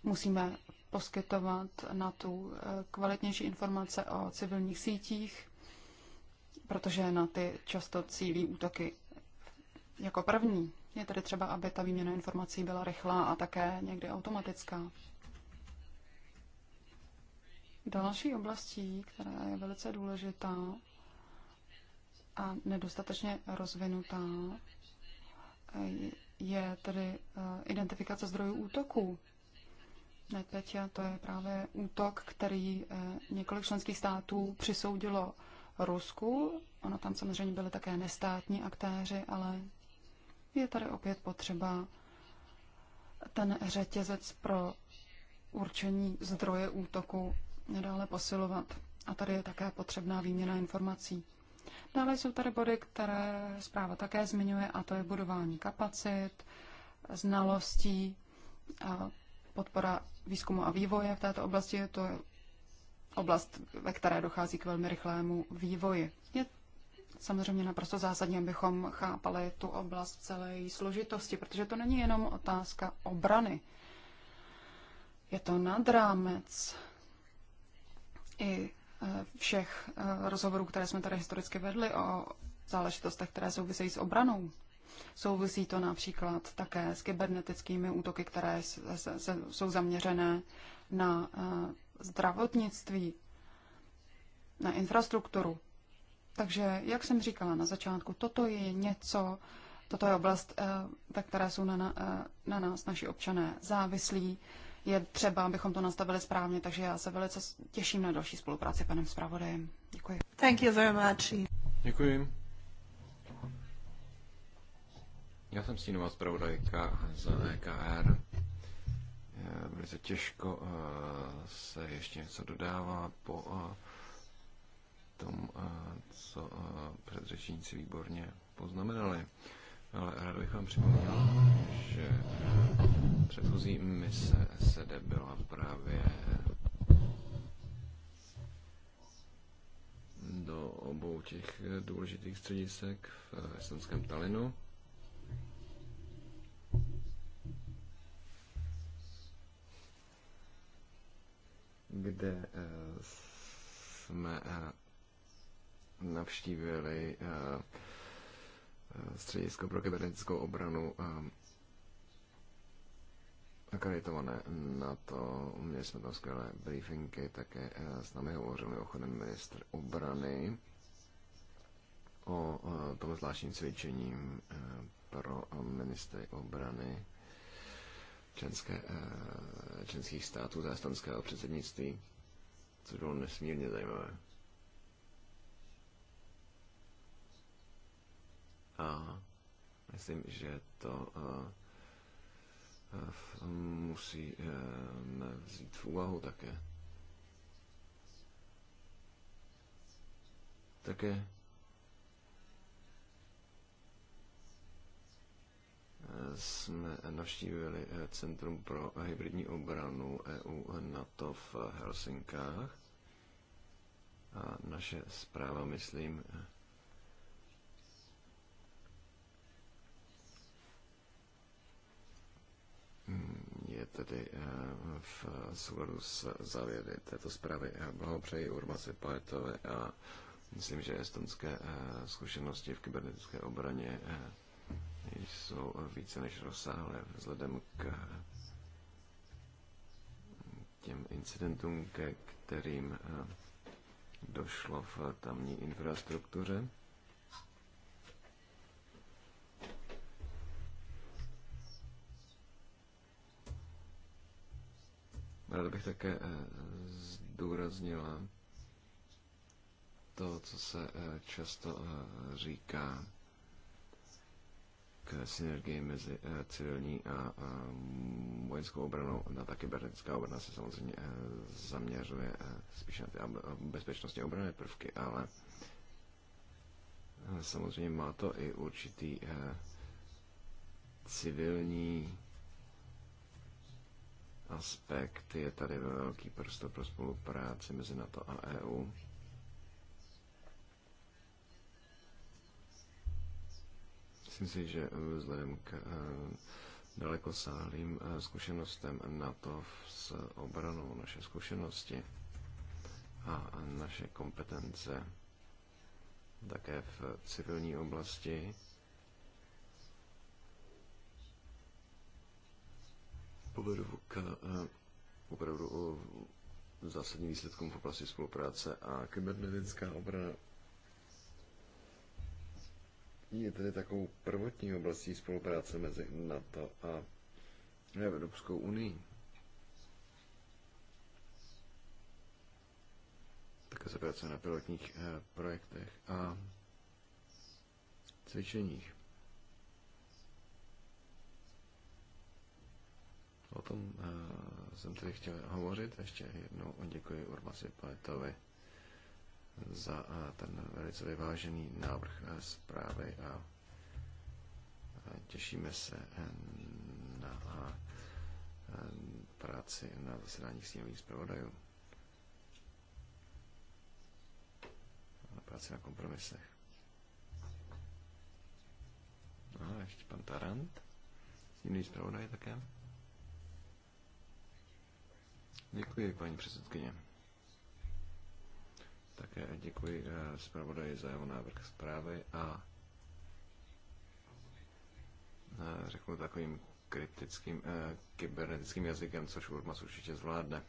Musíme poskytovat na tu eh, kvalitnější informace o civilních sítích, protože na ty často cílí útoky jako první. Je tedy třeba, aby ta výměna informací byla rychlá a také někdy automatická. Další oblastí, která je velice důležitá, a nedostatečně rozvinutá je tedy eh, identifikace zdrojů útoků. Teď to je právě útok, který eh, několik členských států přisoudilo Rusku. Ono tam samozřejmě byly také nestátní aktéři, ale je tady opět potřeba ten řetězec pro určení zdroje útoku nedále posilovat. A tady je také potřebná výměna informací. Dále jsou tady body, které zpráva také zmiňuje, a to je budování kapacit, znalostí, a podpora výzkumu a vývoje v této oblasti. Je to oblast, ve které dochází k velmi rychlému vývoji. Je samozřejmě naprosto zásadní, abychom chápali tu oblast celé její složitosti, protože to není jenom otázka obrany. Je to nad rámec i všech eh, rozhovorů, které jsme tady historicky vedli o záležitostech, které souvisejí s obranou. Souvisí to například také s kybernetickými útoky, které jsou zaměřené na eh, zdravotnictví, na infrastrukturu. Takže, jak jsem říkala na začátku, toto je něco, toto je oblast, eh, ve které jsou na, na na nás naši občané závislí je třeba, abychom to nastavili správně, takže já se velice těším na další spolupráci panem zpravodajem. Děkuji. Thank you very much. Děkuji. Já jsem stínová zpravodajka za EKR. Velice těžko eh, se ještě něco dodává po eh, tom, eh, co předřečníci výborně poznamenali. Ale rád bych vám připomněl, že Předchozí mise SEDE byla právě do obou těch důležitých středisek v estonském Talinu. kde eh, jsme eh, navštívili eh, středisko pro kybernetickou obranu akreditované na to. Měli jsme tam skvělé briefingy, také eh, s námi hovořil mimochodem ministr obrany o eh, tom zvláštním cvičení eh, pro ministry obrany Čenské, členských států zástanského předsednictví, což bylo nesmírně zajímavé. A myslím, že to musí vzít v úvahu také. Také jsme navštívili Centrum pro hybridní obranu EU NATO v Helsinkách. A naše zpráva, myslím, je tedy eh, v souladu s závěry této zprávy. Eh, blahopřeji Urmasi Pajetové a myslím, že estonské eh, zkušenosti v kybernetické obraně jsou více než rozsáhlé vzhledem k těm incidentům, ke kterým došlo v tamní infrastruktuře. Ráda bych také eh, zdůraznila to, co se eh, často eh, říká k synergii mezi civilní a vojenskou obranou. Na ta kybernetická obrana se samozřejmě zaměřuje spíše na ty bezpečnostně obrané prvky, ale samozřejmě má to i určitý civilní aspekt je tady velký prostor pro spolupráci mezi NATO a EU. Myslím si, že vzhledem k eh, dalekosáhlým eh, zkušenostem NATO s obranou, naše zkušenosti a naše kompetence také v civilní oblasti povedou k eh, opravdu zásadním výsledkům v oblasti spolupráce a kybernetická obrana je tedy takovou prvotní oblastí spolupráce mezi NATO a Evropskou unii. Také se pracuje na pilotních eh, projektech a cvičeních. O tom uh, jsem tedy chtěl hovořit. Ještě jednou děkuji Urmasi Paletovi za uh, ten velice vyvážený návrh uh, zprávy a uh, těšíme se na uh, práci na zasedáních sněmových zpravodajů. Na práci na kompromisech. Aha, ještě pan Tarant. Jiný zpravodaj také. Děkuji, paní předsedkyně. Také děkuji eh, zpravodaji za jeho návrh zprávy a eh, řeknu takovým kritickým eh, kybernetickým jazykem, což Urmas určitě zvládne.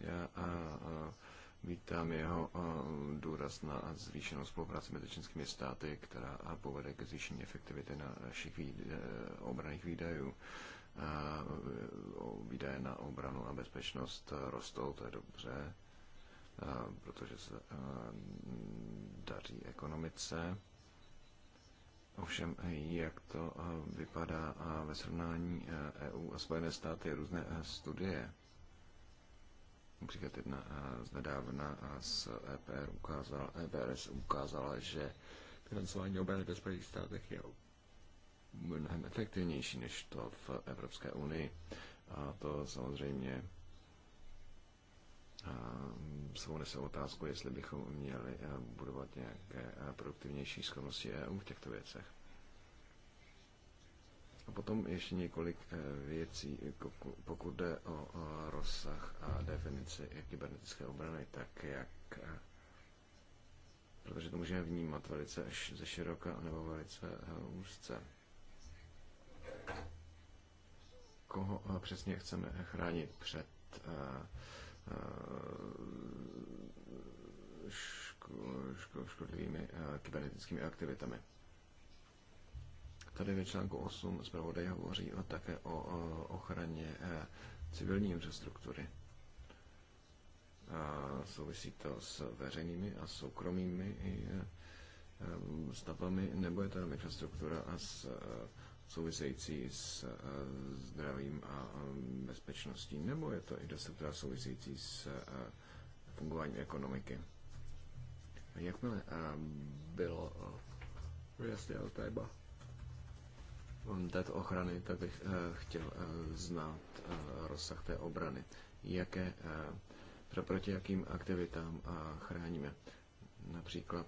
Já a, a, Vítám jeho eh, důraz na zvýšenou spolupráci mezi členskými státy, která eh, povede k zvýšení efektivity na našich eh, obraných výdajů. Výdaje na obranu a bezpečnost rostou, to je dobře, protože se daří ekonomice. Ovšem, jak to vypadá ve srovnání EU e a Spojené státy, různé studie například jedna eh, z nedávna eh, z EPR ukázala, EPRS ukázala, že financování obrany ve Spojených státech je mnohem efektivnější než to v Evropské unii. A to samozřejmě eh, svou nese otázku, jestli bychom měli budovat nějaké produktivnější schopnosti EU v těchto věcech. A potom ještě několik eh, věcí, jako pokud jde o rozsah a definici kybernetické obrany, tak jak eh, protože to můžeme vnímat velice až ze široka nebo velice eh, úzce. Koho přesně chceme chránit před škodlivými kybernetickými aktivitami? Tady ve článku 8 zpravodaj hovoří o, také o, o ochraně eh, civilní infrastruktury. A souvisí to s veřejnými a soukromými eh, eh, stavami, nebo je to infrastruktura a s související s zdravím a bezpečností, nebo je to infrastruktura související s fungováním ekonomiky. A Jakmile bylo vyjasněno téma, této ochrany, tak bych eh, chtěl eh, znát eh, rozsah té obrany. Jaké, proti jakým aktivitám chráníme. Například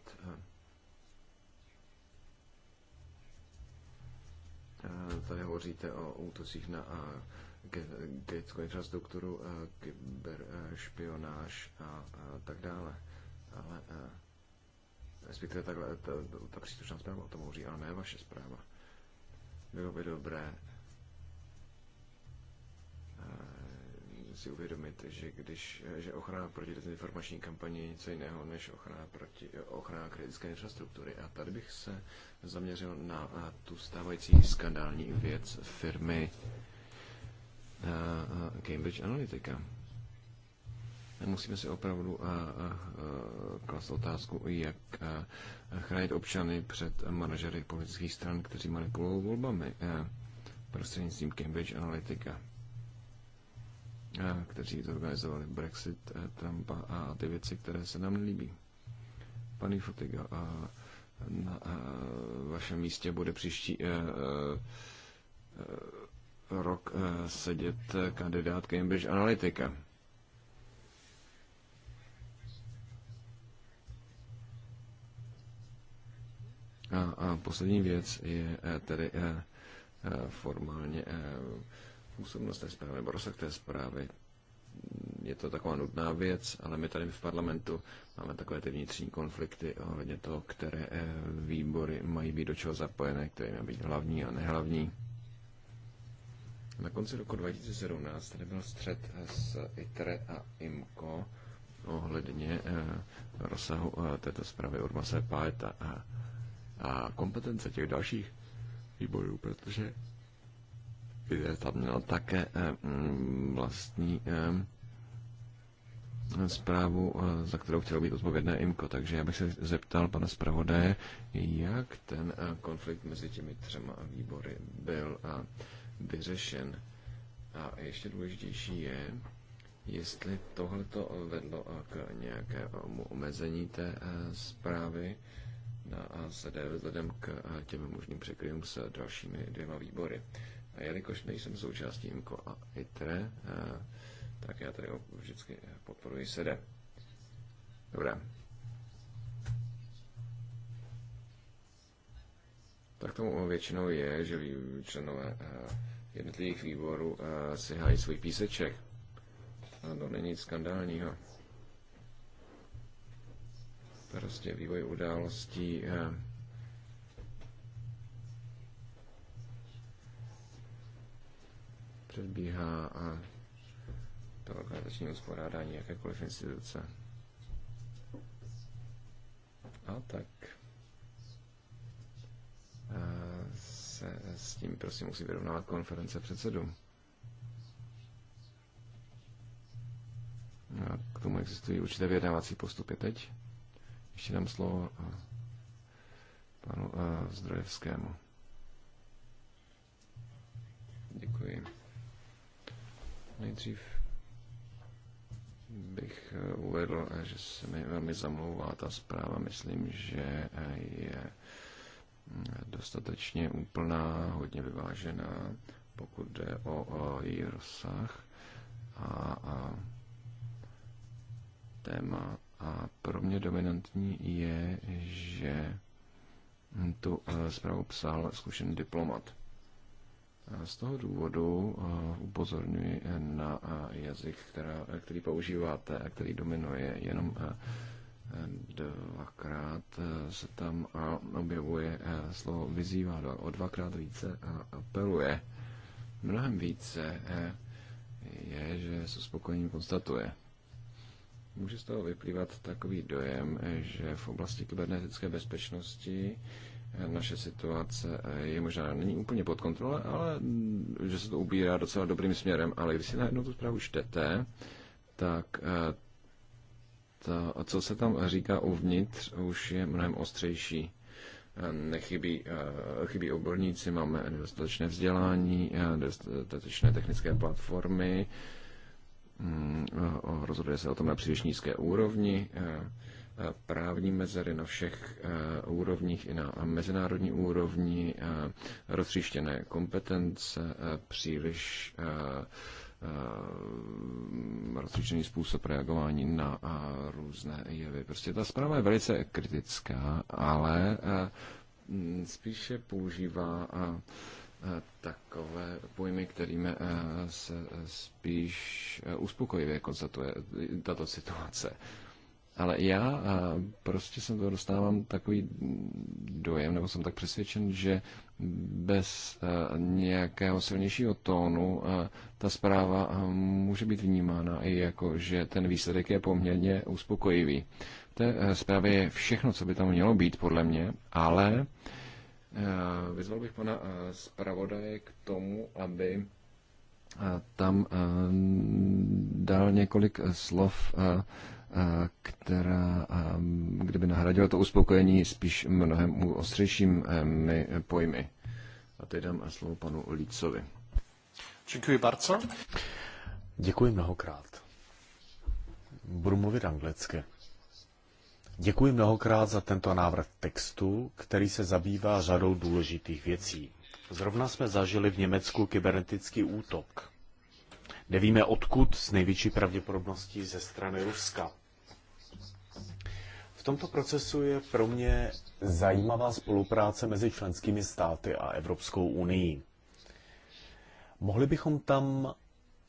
tady hovoříte o útocích na kritickou infrastrukturu, kyberšpionáž a tak dále. Ale respektive takhle, ta, ta příslušná zpráva o tom hovoří, ale ne vaše zpráva. Bylo by dobré eh, si uvědomit, že, když, že ochrana proti dezinformační kampani je něco jiného než ochrana, proti, ochrana kritické infrastruktury. A tady bych se zaměřil na eh, tu stávající skandální věc firmy eh, Cambridge Analytica musíme si opravdu a eh, eh, klást otázku, jak eh, chránit občany před manažery politických stran, kteří manipulují volbami prostřednictvím Cambridge Analytica, kteří zorganizovali Brexit, Trumpa a ty věci, které se nám nelíbí. Paní Fotiga, na vašem místě bude příští rok sedět kandidát Cambridge Analytica. A, a poslední věc je e, tedy e, e, formálně působnost té zprávy nebo rozsah té zprávy. Je to taková nudná věc, ale my tady v parlamentu máme takové ty vnitřní konflikty ohledně toho, které výbory mají být do čeho zapojené, které mají být hlavní a nehlavní. Na konci roku 2017 tady byl střed s ITRE a IMCO ohledně rozsahu této zprávy Urmase Paeta. A a kompetence těch dalších výborů, protože je tam měl také eh, mm, vlastní eh, zprávu, eh, za kterou chtělo být odpovědné IMKO. Takže já bych se zeptal pana zpravodaje, jak ten konflikt mezi těmi třema výbory byl a vyřešen. A ještě důležitější je, jestli tohle to vedlo k nějakému omezení té zprávy, na no SD vzhledem k eh, těm možným překryvům s dalšími dvěma výbory. A jelikož nejsem součástí IMCO a ITRE, eh, tak já tady vždycky podporuji SEDE. Dobrá. Tak tomu většinou je, že členové eh, jednotlivých výborů si hájí svůj píseček. A to není nic skandálního starosti vývoj událostí eh, předbíhá a to organizační uspořádání jakékoliv instituce. A tak a eh, se s tím prosím musí vyrovnávat konference předsedů. K tomu existují určité vyjednávací postupy teď. Ještě dám slovo eh, panu eh, Zdrojevskému. Děkuji. Nejdřív bych eh, uvedl, že se mi velmi zamlouvá ta zpráva. Myslím, že je mm, dostatečně úplná, hodně vyvážená, pokud jde o, o její rozsah a, a téma a pro mě dominantní je, že tu eh, zprávu psal zkušený diplomat. Eh, z toho důvodu eh, upozorňuji na jazyk, která, který používáte a který dominuje. Jenom dvakrát se tam objevuje slovo vyzývá, o dvakrát více apeluje. Mnohem více je, že se spokojením konstatuje. Může z toho vyplývat takový dojem, že v oblasti kybernetické bezpečnosti eh, naše situace eh, je možná není úplně pod kontrole, ale mm, že se to ubírá docela dobrým směrem. Ale když si najednou tu zprávu čtete, tak eh, to, co se tam říká uvnitř, už je mnohem ostřejší. Nechybí, chybí odborníci, máme nedostatečné vzdělání, dostatečné technické platformy, Mm, eh, rozhoduje se o tom na příliš nízké úrovni, eh, eh, právní mezery na všech úrovních i na mezinárodní úrovni, rozříštěné kompetence, příliš rozličný způsob reagování na různé jevy. Prostě ta zpráva je velice kritická, ale mm, spíše používá Eh, takové pojmy, kterými eh, se spíš eh, uspokojivě konstatuje tato situace. Ale já prostě jsem to dostávám takový dojem, nebo jsem tak přesvědčen, že bez nějakého silnějšího tónu ta zpráva může být vnímána i jako, že ten výsledek je poměrně uspokojivý. V té zprávě je všechno, co by tam mělo být, podle mě, ale Eh, vyzval bych pana eh, zpravodaje k tomu, aby eh, tam dal několik slov, která kdyby nahradila to uspokojení spíš mnohem ostřejšími pojmy. A teď dám slovo panu Lícovi. Děkuji bardzo. Děkuji mnohokrát. Budu mluvit anglicky. Děkuji mnohokrát za tento návrh textu, který se zabývá řadou důležitých věcí. Zrovna jsme zažili v Německu kybernetický útok. Nevíme odkud, s největší pravděpodobností ze strany Ruska. V tomto procesu je pro mě zajímavá spolupráce mezi členskými státy a Evropskou unii. Mohli bychom tam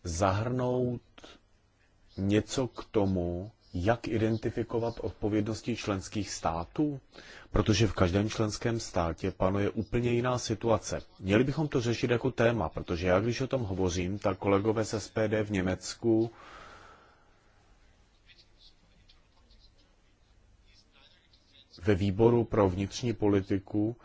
zahrnout něco k tomu, jak identifikovat odpovědnosti členských států? Protože v každém členském státě panuje úplně jiná situace. Měli bychom to řešit jako téma, protože já když o tom hovořím, tak kolegové z SPD v Německu ve výboru pro vnitřní politiku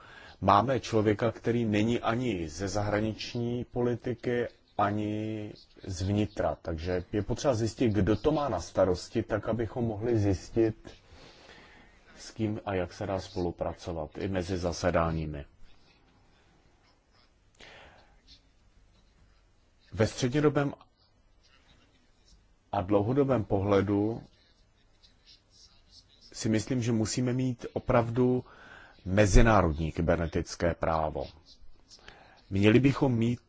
máme člověka, který není ani ze zahraniční politiky, ani zvnitra. Takže je potřeba zjistit, kdo to má na starosti, tak abychom mohli zjistit, s kým a jak se dá spolupracovat i mezi zasedáními. Ve střednědobém a dlouhodobém pohledu si myslím, že musíme mít opravdu mezinárodní kybernetické právo. Měli bychom mít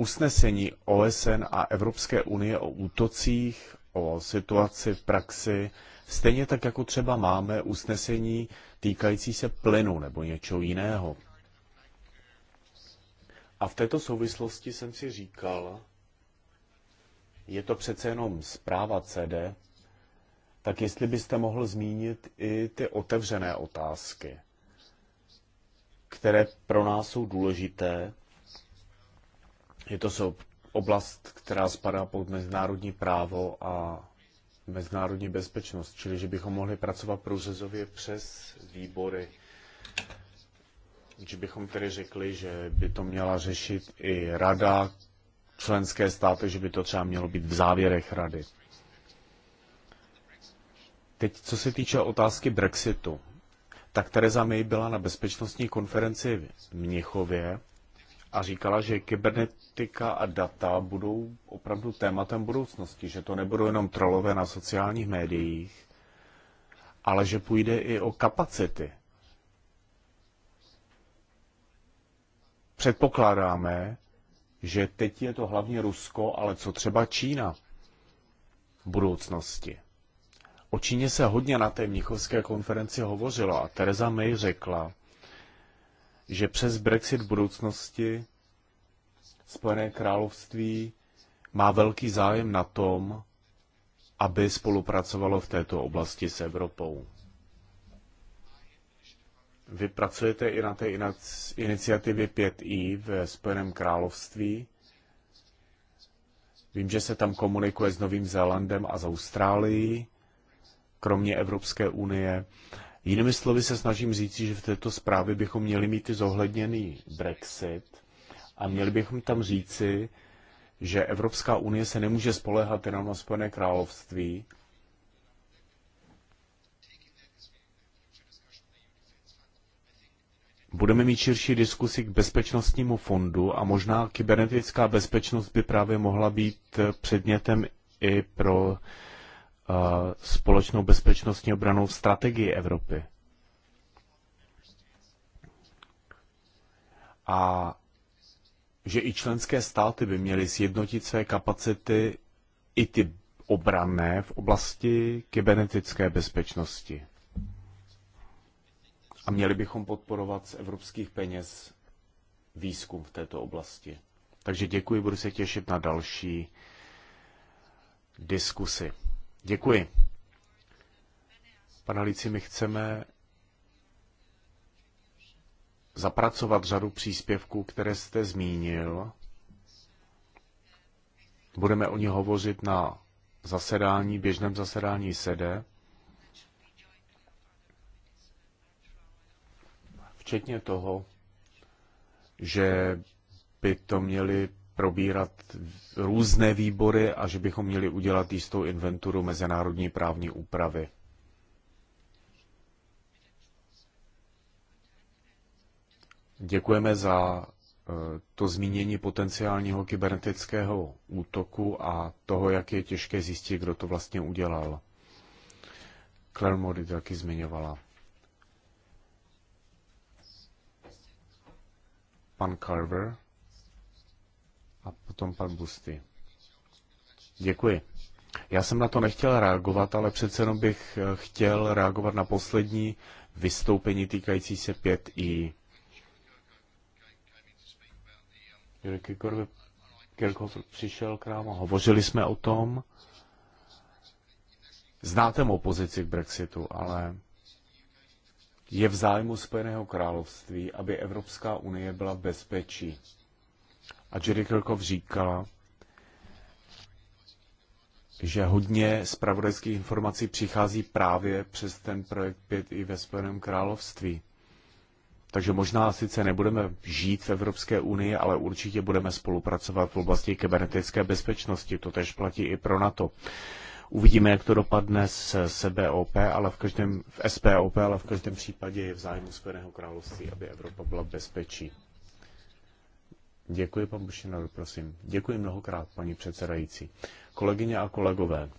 usnesení OSN a Evropské unie o útocích, o situaci v praxi, stejně tak jako třeba máme usnesení týkající se plynu nebo něčeho jiného. A v této souvislosti jsem si říkal, je to přece jenom zpráva CD, tak jestli byste mohl zmínit i ty otevřené otázky, které pro nás jsou důležité je to jsou oblast, která spadá pod mezinárodní právo a mezinárodní bezpečnost, čili že bychom mohli pracovat průřezově přes výbory. Že bychom tedy řekli, že by to měla řešit i rada, členské státy, že by to třeba mělo být v závěrech rady. Teď, co se týče otázky Brexitu, tak Tereza May byla na bezpečnostní konferenci v Mnichově a říkala, že kybernetika a data budou opravdu tématem budoucnosti, že to nebudou jenom trolové na sociálních médiích, ale že půjde i o kapacity. Předpokládáme, že teď je to hlavně Rusko, ale co třeba Čína v budoucnosti. O Číně se hodně na té Mnichovské konferenci hovořilo a Tereza May řekla, že přes Brexit v budoucnosti Spojené království má velký zájem na tom, aby spolupracovalo v této oblasti s Evropou. Vy pracujete i na té iniciativě 5i ve Spojeném království. Vím, že se tam komunikuje s Novým Zélandem a s Austrálií, kromě Evropské unie. Jinými slovy se snažím říct, že v této zprávě bychom měli mít i zohledněný Brexit a měli bychom tam říci, že Evropská unie se nemůže spolehat jenom na Spojené království, Budeme mít širší diskusi k bezpečnostnímu fondu a možná kybernetická bezpečnost by právě mohla být předmětem i pro společnou bezpečnostní obranou strategii Evropy. A že i členské státy by měly sjednotit své kapacity i ty obranné v oblasti kybernetické bezpečnosti. A měli bychom podporovat z evropských peněz výzkum v této oblasti. Takže děkuji, budu se těšit na další diskusy. Děkuji. Pane Lici, my chceme zapracovat řadu příspěvků, které jste zmínil. Budeme o ní hovořit na zasedání, běžném zasedání SEDE, včetně toho, že by to měli probírat různé výbory a že bychom měli udělat jistou inventuru mezinárodní právní úpravy. Děkujeme za eh, to zmínění potenciálního kybernetického útoku a toho, jak je těžké zjistit, kdo to vlastně udělal. Claire Mody taky zmiňovala. Pan Carver a potom pan Busty. Děkuji. Já jsem na to nechtěl reagovat, ale přece jenom bych eh, chtěl reagovat na poslední vystoupení týkající se 5i. Jurek Kirchhoff přišel k nám a hovořili jsme o tom. Znáte mou pozici k Brexitu, ale je v zájmu Spojeného království, aby Evropská unie byla v bezpečí. A Jerry Kirkhoff říkala, že hodně zpravodajských informací přichází právě přes ten projekt 5 i ve Spojeném království. Takže možná sice nebudeme žít v Evropské unii, ale určitě budeme spolupracovat v oblasti kybernetické bezpečnosti. To tež platí i pro NATO. Uvidíme, jak to dopadne s SBOP, ale v každém, v SPOP, ale v každém případě je v zájmu Spojeného království, aby Evropa byla v bezpečí. Děkuji, pan Bušinor, prosím. Děkuji mnohokrát, paní předsedající. Kolegyně a kolegové,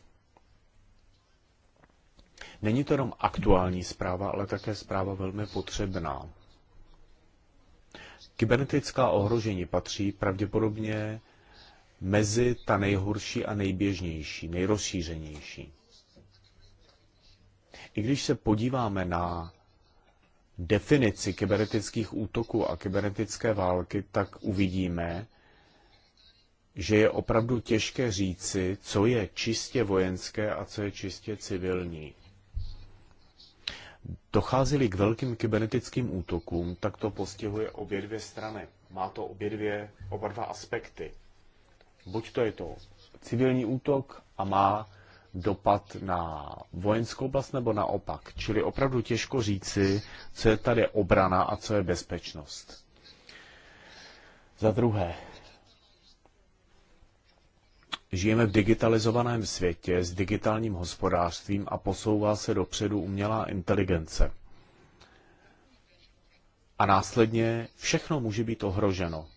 není to jenom aktuální zpráva, ale také zpráva velmi potřebná. Kybernetická ohrožení patří pravděpodobně mezi ta nejhorší a nejběžnější, nejrozšířenější. I když se podíváme na definici kybernetických útoků a kybernetické války, tak uvidíme, že je opravdu těžké říci, co je čistě vojenské a co je čistě civilní. Dochází-li k velkým kybernetickým útokům, tak to postihuje obě dvě strany. Má to obě dvě, oba dva aspekty. Buď to je to civilní útok a má dopad na vojenskou oblast nebo naopak. Čili opravdu těžko říci, co je tady obrana a co je bezpečnost. Za druhé, Žijeme v digitalizovaném světě s digitálním hospodářstvím a posouvá se dopředu umělá inteligence. A následně všechno může být ohroženo.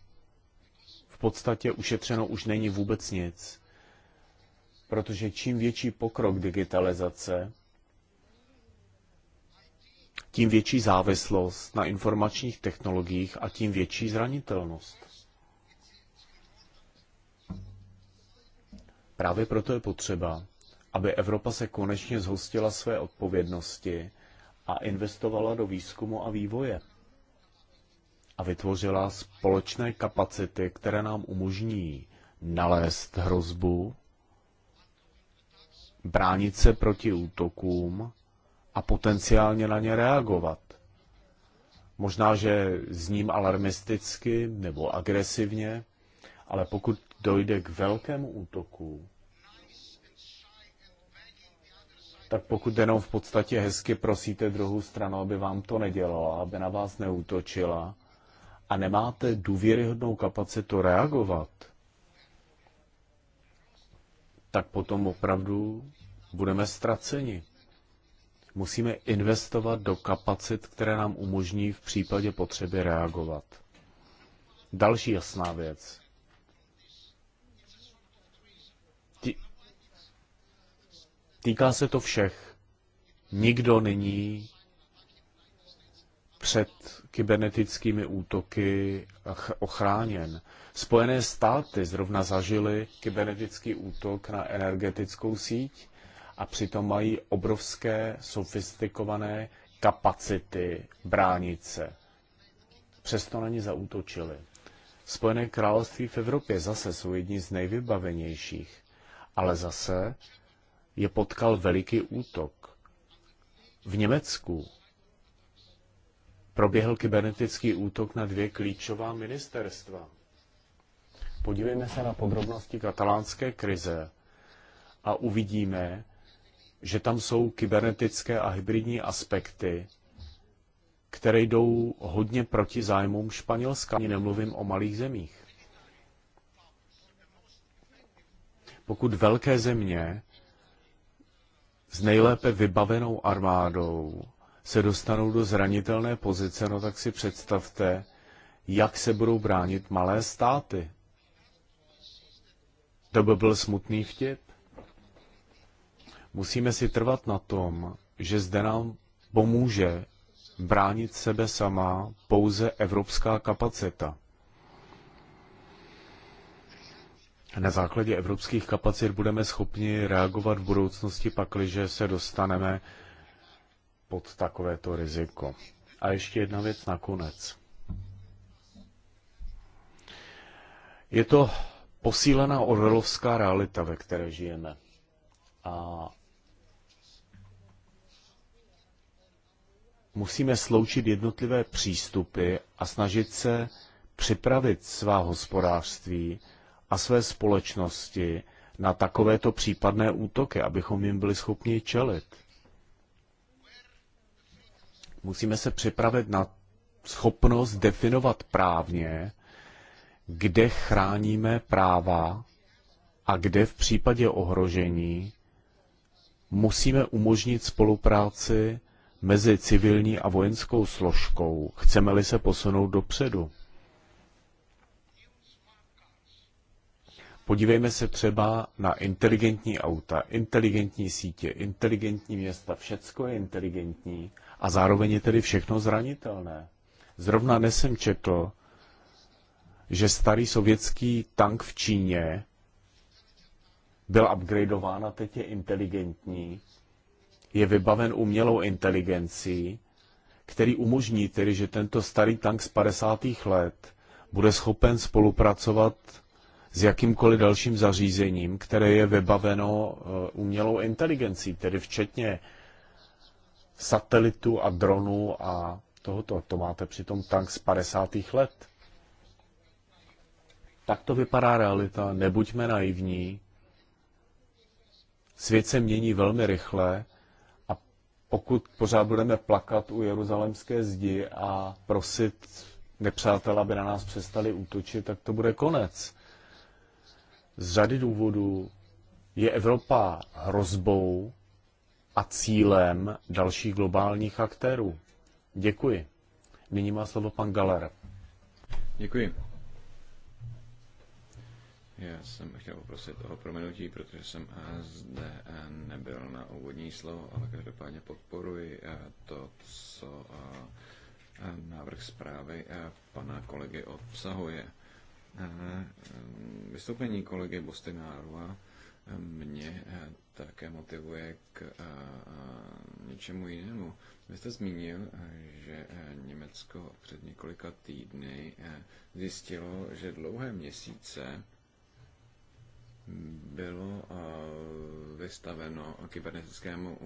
V podstatě ušetřeno už není vůbec nic protože čím větší pokrok digitalizace, tím větší závislost na informačních technologiích a tím větší zranitelnost. Právě proto je potřeba, aby Evropa se konečně zhostila své odpovědnosti a investovala do výzkumu a vývoje a vytvořila společné kapacity, které nám umožní nalézt hrozbu bránit se proti útokům a potenciálně na ně reagovat. Možná, že zním alarmisticky nebo agresivně, ale pokud dojde k velkému útoku, tak pokud jenom v podstatě hezky prosíte druhou stranu, aby vám to nedělala, aby na vás neútočila a nemáte důvěryhodnou kapacitu reagovat, tak potom opravdu budeme ztraceni. Musíme investovat do kapacit, které nám umožní v případě potřeby reagovat. Další jasná věc. Týká se to všech. Nikdo není před kybernetickými útoky ochráněn. Spojené státy zrovna zažily kybernetický útok na energetickou síť a přitom mají obrovské sofistikované kapacity bránice. Přesto na ně zaútočili. Spojené království v Evropě zase jsou jedni z nejvybavenějších, ale zase je potkal veliký útok. V Německu proběhl kybernetický útok na dvě klíčová ministerstva. Podívejme se na podrobnosti katalánské krize a uvidíme, že tam jsou kybernetické a hybridní aspekty, které jdou hodně proti zájmům Španělska. Ani nemluvím o malých zemích. Pokud velké země s nejlépe vybavenou armádou se dostanou do zranitelné pozice, no tak si představte, jak se budou bránit malé státy. To by byl smutný vtip. Musíme si trvat na tom, že zde nám pomůže bránit sebe sama pouze evropská kapacita. Na základě evropských kapacit budeme schopni reagovat v budoucnosti, pakliže se dostaneme pod takovéto riziko. A ještě jedna věc nakonec. Je to posílená orvelovská realita, ve které žijeme. A musíme sloučit jednotlivé přístupy a snažit se připravit svá hospodářství a své společnosti na takovéto případné útoky, abychom jim byli schopni čelit. Musíme se připravit na schopnost definovat právně, kde chráníme práva a kde v případě ohrožení musíme umožnit spolupráci mezi civilní a vojenskou složkou, chceme-li se posunout dopředu. Podívejme se třeba na inteligentní auta, inteligentní sítě, inteligentní města. Všecko je inteligentní a zároveň je tedy všechno zranitelné. Zrovna dnes jsem četl, že starý sovětský tank v Číně byl upgradeován a teď je inteligentní je vybaven umělou inteligencí, který umožní tedy, že tento starý tank z 50. let bude schopen spolupracovat s jakýmkoliv dalším zařízením, které je vybaveno eh, umělou inteligencí, tedy včetně satelitu a dronu a tohoto. To máte přitom tank z 50. let. Tak to vypadá realita, nebuďme naivní. Svět se mění velmi rychle pokud pořád budeme plakat u jeruzalemské zdi a prosit nepřátel, aby na nás přestali útočit, tak to bude konec. Z řady důvodů je Evropa hrozbou a cílem dalších globálních aktérů. Děkuji. Nyní má slovo pan Galer. Děkuji. Já jsem chtěl poprosit o prominutí, protože jsem eh, zde eh, nebyl na úvodní slovo, ale každopádně podporuji eh, to, co návrh zprávy pana kolegy obsahuje. Vystoupení kolegy Bostinárova mě také motivuje k něčemu jinému. Vy jste zmínil, že Německo před několika týdny zjistilo, že dlouhé měsíce bylo eh, vystaveno kybernetickému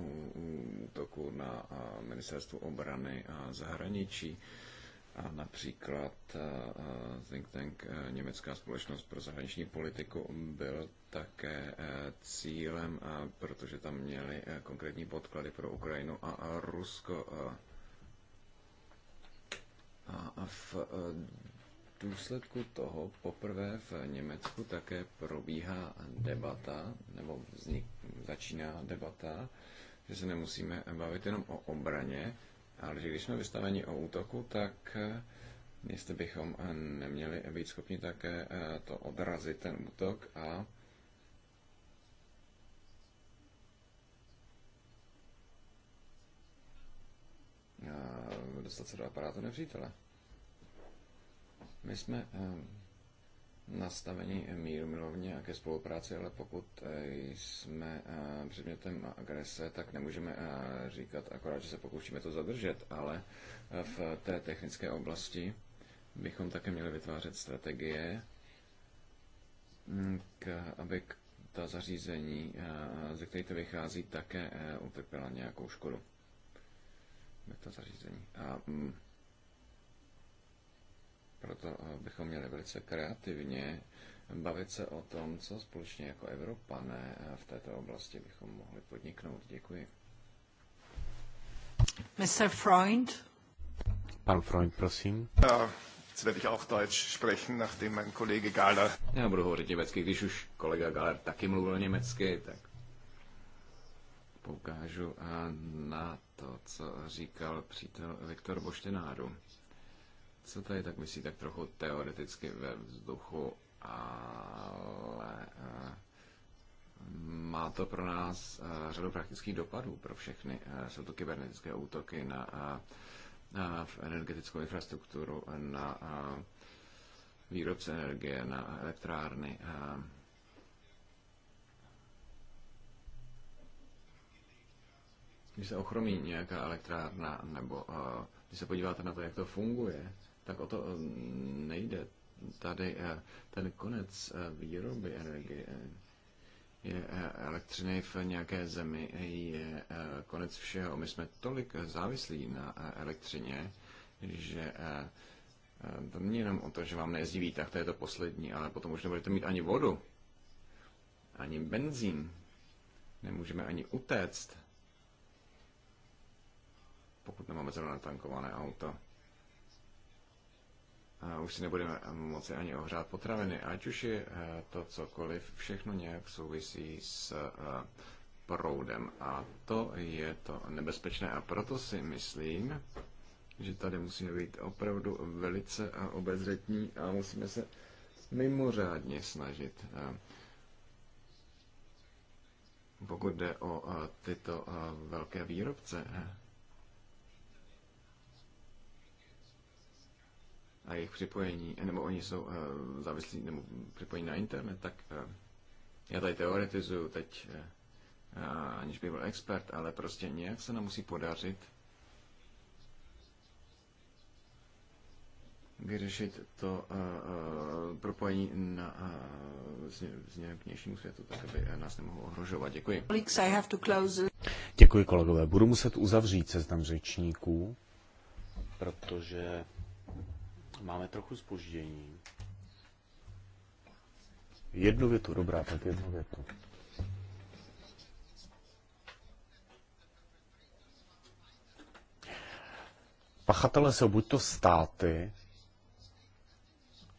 útoku na eh, ministerstvu obrany a zahraničí. A například eh, think tank Německá společnost pro zahraniční politiku byl také cílem, protože tam měli konkrétní podklady pro Ukrajinu a Rusko. A v důsledku toho poprvé v Německu také probíhá debata, nebo vznik, začíná debata, že se nemusíme bavit jenom o obraně, ale že když jsme vystaveni o útoku, tak eh, jestli bychom eh, neměli být schopni také eh, to odrazit, ten útok a dostat se do aparátu nepřítele. My jsme eh, nastaveni míru milovně a ke spolupráci, ale pokud eh, jsme eh, předmětem agrese, tak nemůžeme říkat akorát, že se pokoušíme to zadržet, ale v té technické oblasti bychom také měli vytvářet strategie, mm, k, aby ta zařízení, ze kterých to vychází, také utrpěla nějakou škodu. Jak to zařízení. A, mm, proto eh, bychom měli velice kreativně bavit se o tom, co společně jako Evropané eh, v této oblasti bychom mohli podniknout. Děkuji. Mr. Freund. Pan Freund, prosím. Uh. Jetzt werde ich auch Deutsch sprechen, nachdem mein Kollege Gahler. Já budu hovořit německy, když už kolega Gahler taky mluvil německy, tak poukážu eh, na to, co říkal přítel Viktor Boštenáru co tady tak myslí tak trochu teoreticky ve vzduchu, ale eh, má to pro nás eh, řadu praktických dopadů pro všechny. Eh, jsou to kybernetické útoky na, na energetickou infrastrukturu, na výrobce energie, na elektrárny. Když se ochromí nějaká elektrárna, nebo když se podíváte na to, jak to funguje, tak o to eh, nejde. Tady eh, ten konec eh, výroby energie je elektřiny v nějaké zemi je konec všeho. My jsme tolik závislí na elektřině, že to není jenom o to, že vám nejezdí výtah, to je to poslední, ale potom už nebudete mít ani vodu, ani benzín, nemůžeme ani utéct, pokud nemáme zrovna tankované auto už si nebudeme moci ani ohřát potraviny. Ať už je eh, to cokoliv, všechno nějak souvisí s eh, proudem. A to je to nebezpečné. A proto si myslím, že tady musíme být opravdu velice eh, obezřetní a musíme se mimořádně snažit. Pokud jde o tyto velké výrobce, a jejich připojení, nebo oni jsou eh, závislí nebo připojení na internet, tak eh, já tady teoretizuju teď, eh, aniž bych byl expert, ale prostě nějak se nám musí podařit vyřešit to uh, uh, propojení na, uh, směrem světu, tak aby nás nemohlo ohrožovat. Děkuji. Děkuji kolegové. Budu muset uzavřít seznam řečníků, protože Máme trochu spoždění. Jednu větu, dobrá, tak jednu větu. Pachatele jsou buď to státy,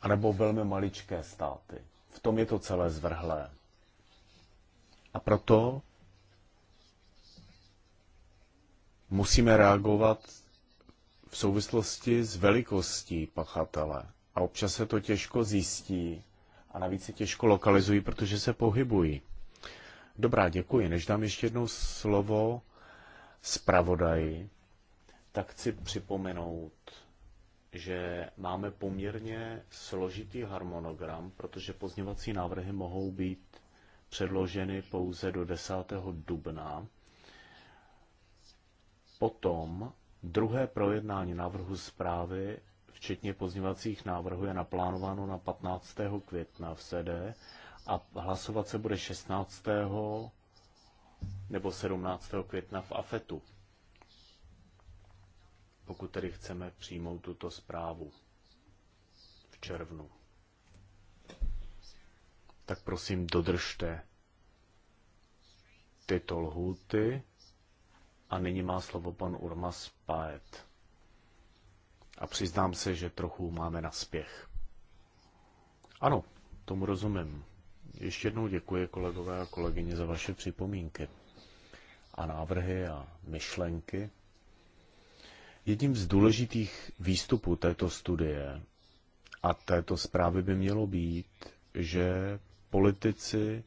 anebo velmi maličké státy. V tom je to celé zvrhlé. A proto musíme reagovat v souvislosti s velikostí pachatele. A občas se to těžko zjistí a navíc se těžko lokalizují, protože se pohybují. Dobrá, děkuji. Než dám ještě jednou slovo zpravodaji, tak chci připomenout, že máme poměrně složitý harmonogram, protože pozněvací návrhy mohou být předloženy pouze do 10. dubna. Potom Druhé projednání návrhu zprávy, včetně pozněvacích návrhů, je naplánováno na 15. května v sede a hlasovat se bude 16. nebo 17. května v AFETu, pokud tedy chceme přijmout tuto zprávu v červnu. Tak prosím, dodržte tyto lhuty. A nyní má slovo pan Urmas Paet. A přiznám se, že trochu máme na spěch. Ano, tomu rozumím. Ještě jednou děkuji kolegové a kolegyně za vaše připomínky a návrhy a myšlenky. Jedním z důležitých výstupů této studie a této zprávy by mělo být, že politici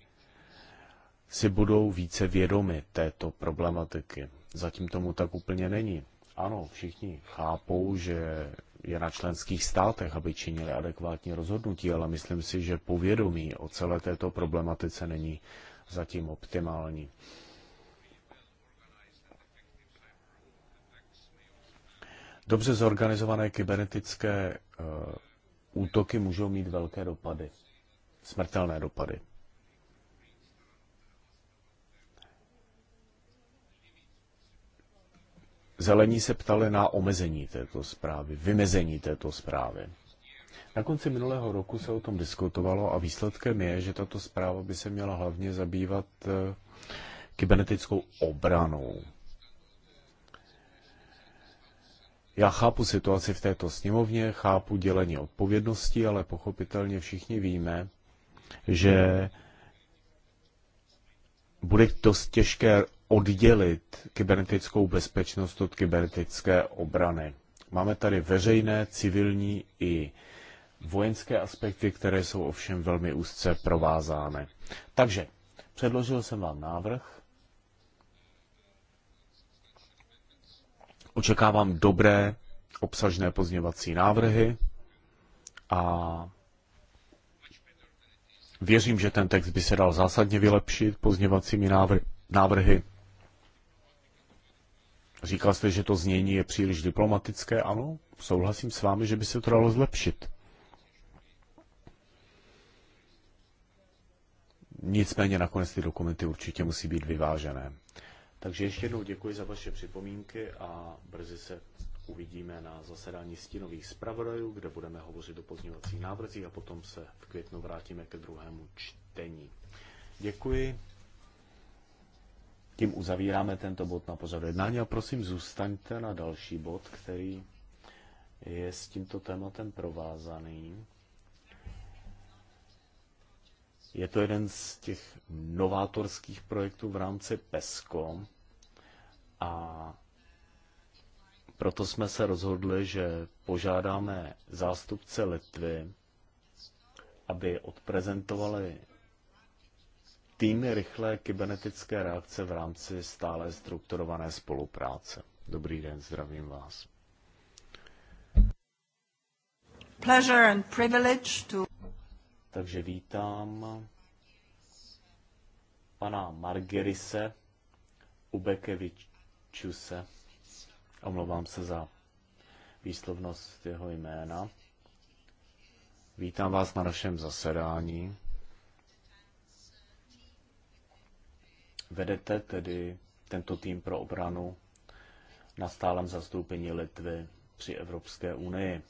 si budou více vědomi této problematiky. Zatím tomu tak úplně není. Ano, všichni chápou, že je na členských státech, aby činili adekvátní rozhodnutí, ale myslím si, že povědomí o celé této problematice není zatím optimální. Dobře zorganizované kybernetické eh, útoky můžou mít velké dopady, smrtelné dopady. Zelení se ptali na omezení této zprávy, vymezení této zprávy. Na konci minulého roku se o tom diskutovalo a výsledkem je, že tato zpráva by se měla hlavně zabývat eh, kybernetickou obranou. Já chápu situaci v této sněmovně, chápu dělení odpovědnosti, ale pochopitelně všichni víme, že bude dost těžké oddělit kybernetickou bezpečnost od kybernetické obrany. Máme tady veřejné, civilní i vojenské aspekty, které jsou ovšem velmi úzce provázány. Takže předložil jsem vám návrh. Očekávám dobré obsažné pozněvací návrhy a věřím, že ten text by se dal zásadně vylepšit pozněvacími návrhy. Říkal jste, že to znění je příliš diplomatické. Ano, souhlasím s vámi, že by se to dalo zlepšit. Nicméně nakonec ty dokumenty určitě musí být vyvážené. Takže ještě jednou děkuji za vaše připomínky a brzy se uvidíme na zasedání stínových zpravodajů, kde budeme hovořit o pozměňovacích návrzích a potom se v květnu vrátíme ke druhému čtení. Děkuji. Tím uzavíráme tento bod na pořadu jednání a prosím zůstaňte na další bod, který je s tímto tématem provázaný. Je to jeden z těch novátorských projektů v rámci PESCO a proto jsme se rozhodli, že požádáme zástupce Litvy, aby odprezentovali týmy rychlé kybernetické reakce v rámci stále strukturované spolupráce. Dobrý den, zdravím vás. Pleasure and privilege to... Takže vítám pana Margerise Ubekevičuse. Omlouvám se za výslovnost jeho jména. Vítám vás na našem zasedání. Vedete tedy tento tým pro obranu na stálem zastoupení Litvy při Evropské unii.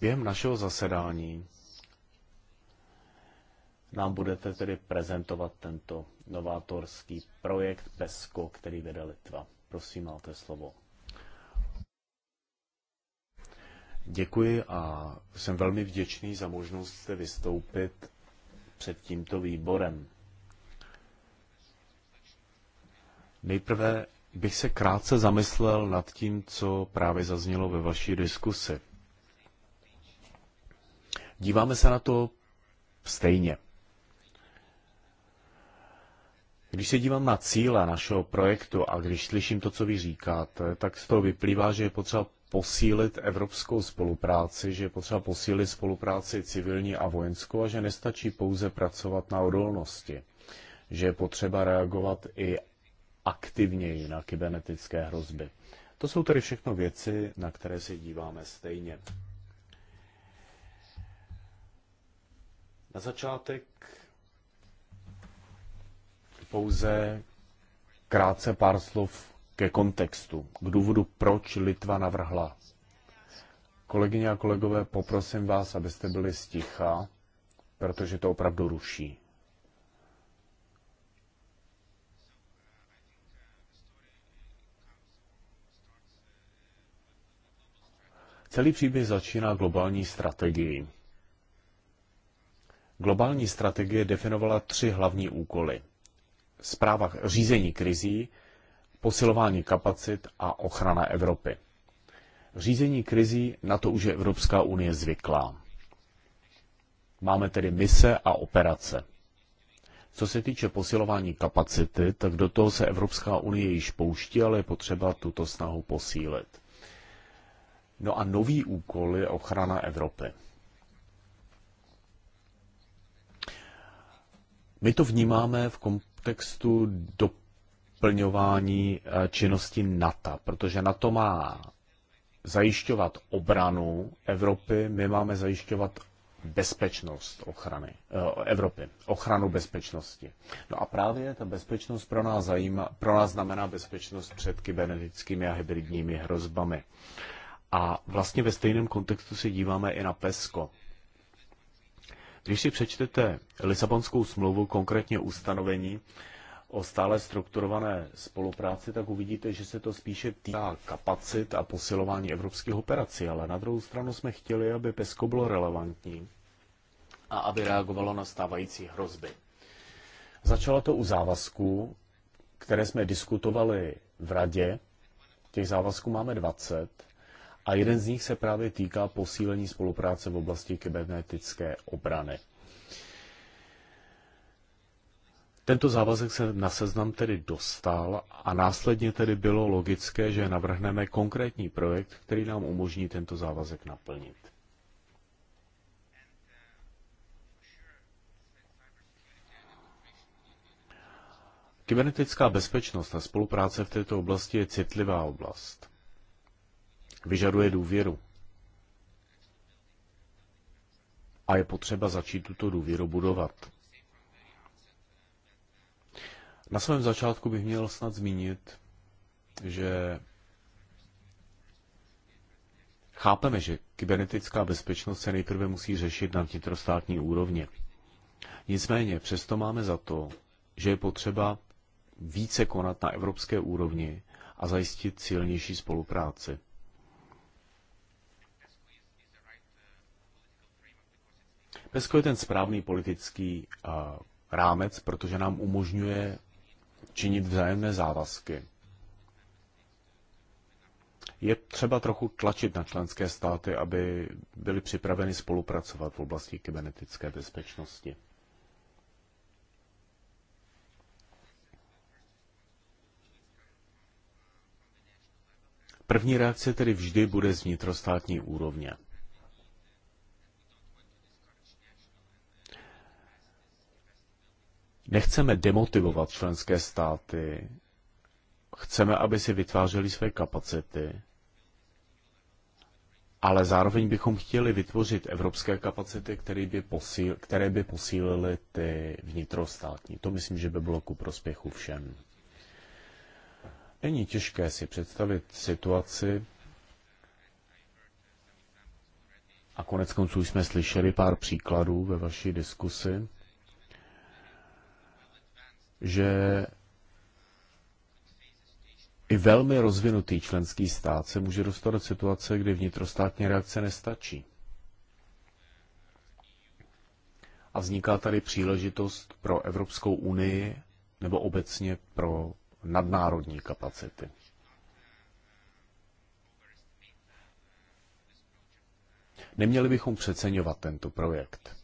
Během našeho zasedání nám budete tedy prezentovat tento novátorský projekt PESCO, který vede Litva. Prosím, máte slovo. Děkuji a jsem velmi vděčný za možnost se vystoupit před tímto výborem. Nejprve bych se krátce zamyslel nad tím, co právě zaznělo ve vaší diskusi. Díváme se na to stejně. Když se dívám na cíle našeho projektu a když slyším to, co vy říkáte, tak z toho vyplývá, že je potřeba posílit evropskou spolupráci, že je potřeba posílit spolupráci civilní a vojenskou a že nestačí pouze pracovat na odolnosti, že je potřeba reagovat i aktivněji na kybernetické hrozby. To jsou tedy všechno věci, na které se díváme stejně. Na začátek pouze krátce pár slov ke kontextu, k důvodu, proč Litva navrhla. Kolegyně a kolegové, poprosím vás, abyste byli sticha, protože to opravdu ruší. Celý příběh začíná globální strategií. Globální strategie definovala tři hlavní úkoly. Zpráva řízení krizí, posilování kapacit a ochrana Evropy. Řízení krizí na to už je Evropská unie zvyklá. Máme tedy mise a operace. Co se týče posilování kapacity, tak do toho se Evropská unie již pouští, ale je potřeba tuto snahu posílit. No a nový úkol je ochrana Evropy. My to vnímáme v kontextu do splňování eh, činnosti NATO, protože NATO má zajišťovat obranu Evropy, my máme zajišťovat bezpečnost ochrany eh, Evropy, ochranu bezpečnosti. No a právě ta bezpečnost pro nás, zajíma, pro nás znamená bezpečnost před kybernetickými a hybridními hrozbami. A vlastně ve stejném kontextu se díváme i na PESCO. Když si přečtete Lisabonskou smlouvu, konkrétně ustanovení, o stále strukturované spolupráci, tak uvidíte, že se to spíše týká kapacit a posilování evropských operací, ale na druhou stranu jsme chtěli, aby PESCO bylo relevantní a aby reagovalo na stávající hrozby. Začalo to u závazků, které jsme diskutovali v radě. Těch závazků máme 20 a jeden z nich se právě týká posílení spolupráce v oblasti kybernetické obrany. Tento závazek se na seznam tedy dostal a následně tedy bylo logické, že navrhneme konkrétní projekt, který nám umožní tento závazek naplnit. Kybernetická bezpečnost a spolupráce v této oblasti je citlivá oblast. Vyžaduje důvěru. A je potřeba začít tuto důvěru budovat. Na svém začátku bych měl snad zmínit, že chápeme, že kybernetická bezpečnost se nejprve musí řešit na vnitrostátní úrovni. Nicméně přesto máme za to, že je potřeba více konat na evropské úrovni a zajistit silnější spolupráci. PESCO je ten správný politický eh, rámec, protože nám umožňuje činit vzájemné závazky. Je třeba trochu tlačit na členské státy, aby byly připraveny spolupracovat v oblasti kybernetické bezpečnosti. První reakce tedy vždy bude z vnitrostátní úrovně. Nechceme demotivovat členské státy, chceme, aby si vytvářeli své kapacity, ale zároveň bychom chtěli vytvořit evropské kapacity, které by, posíl, které by posílily ty vnitrostátní. To myslím, že by bylo ku prospěchu všem. Není těžké si představit situaci, a konec konců jsme slyšeli pár příkladů ve vaší diskusi, že i velmi rozvinutý členský stát se může dostat do situace, kdy vnitrostátní reakce nestačí. A vzniká tady příležitost pro Evropskou unii nebo obecně pro nadnárodní kapacity. Neměli bychom přeceňovat tento projekt.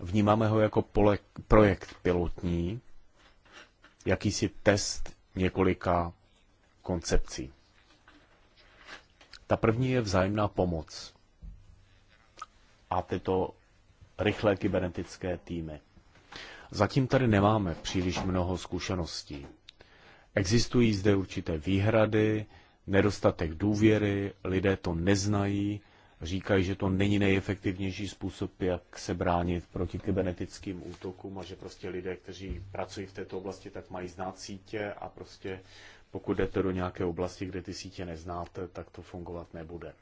Vnímáme ho jako pole, projekt pilotní, jakýsi test několika koncepcí. Ta první je vzájemná pomoc a tyto rychlé kybernetické týmy. Zatím tady nemáme příliš mnoho zkušeností. Existují zde určité výhrady, nedostatek důvěry, lidé to neznají, říkají, že to není nejefektivnější způsob, jak se bránit proti kybernetickým útokům a že prostě lidé, kteří pracují v této oblasti, tak mají znát sítě a prostě pokud jdete do nějaké oblasti, kde ty sítě neznáte, tak to fungovat nebude.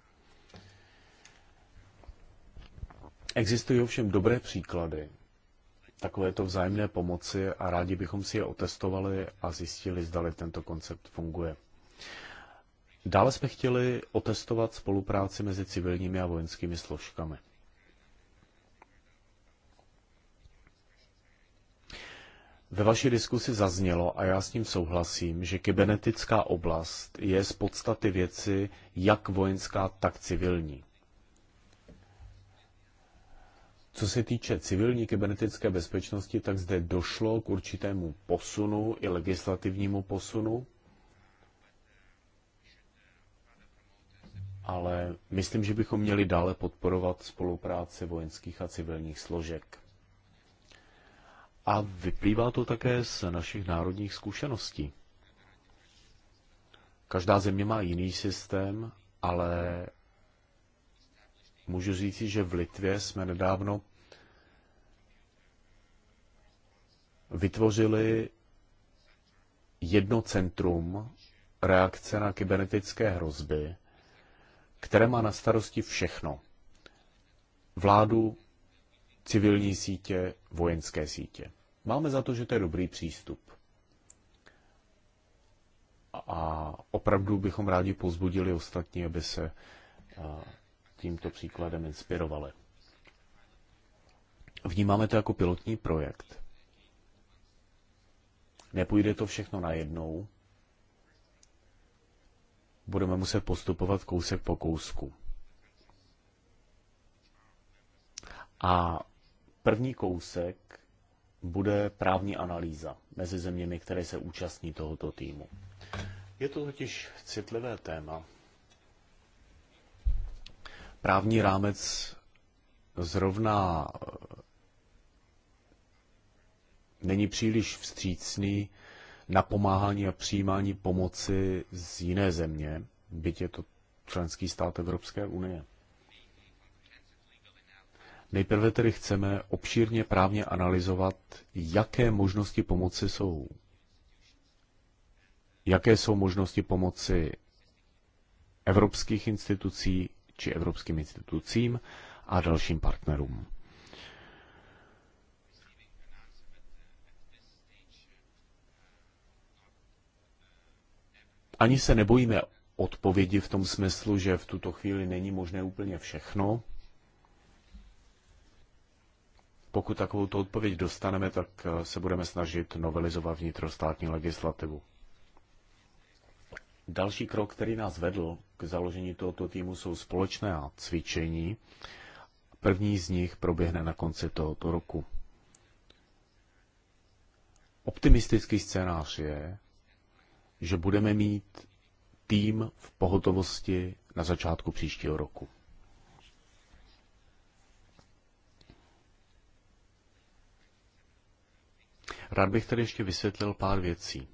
Existují ovšem dobré příklady takovéto vzájemné pomoci a rádi bychom si je otestovali a zjistili, zdali tento koncept funguje. Dále jsme chtěli otestovat spolupráci mezi civilními a vojenskými složkami. Ve vaší diskusi zaznělo, a já s ním souhlasím, že kybernetická oblast je z podstaty věci jak vojenská, tak civilní. Co se týče civilní kybernetické bezpečnosti, tak zde došlo k určitému posunu i legislativnímu posunu. ale myslím, že bychom měli dále podporovat spolupráci vojenských a civilních složek. A vyplývá to také z našich národních zkušeností. Každá země má jiný systém, ale můžu říci, že v Litvě jsme nedávno vytvořili jedno centrum reakce na kybernetické hrozby, které má na starosti všechno. Vládu, civilní sítě, vojenské sítě. Máme za to, že to je dobrý přístup. A opravdu bychom rádi pozbudili ostatní, aby se tímto příkladem inspirovali. Vnímáme to jako pilotní projekt. Nepůjde to všechno najednou, budeme muset postupovat kousek po kousku. A první kousek bude právní analýza mezi zeměmi, které se účastní tohoto týmu. Je to totiž citlivé téma. Právní rámec zrovna eh, není příliš vstřícný napomáhání a přijímání pomoci z jiné země, byť je to členský stát Evropské unie. Nejprve tedy chceme obšírně právně analyzovat, jaké možnosti pomoci jsou. Jaké jsou možnosti pomoci evropských institucí či evropským institucím a dalším partnerům. ani se nebojíme odpovědi v tom smyslu, že v tuto chvíli není možné úplně všechno. Pokud takovou odpověď dostaneme, tak eh, se budeme snažit novelizovat vnitrostátní legislativu. Další krok, který nás vedl k založení tohoto týmu, jsou společné cvičení. První z nich proběhne na konci tohoto roku. Optimistický scénář je, že budeme mít tým v pohotovosti na začátku příštího roku. Rád bych tady ještě vysvětlil pár věcí.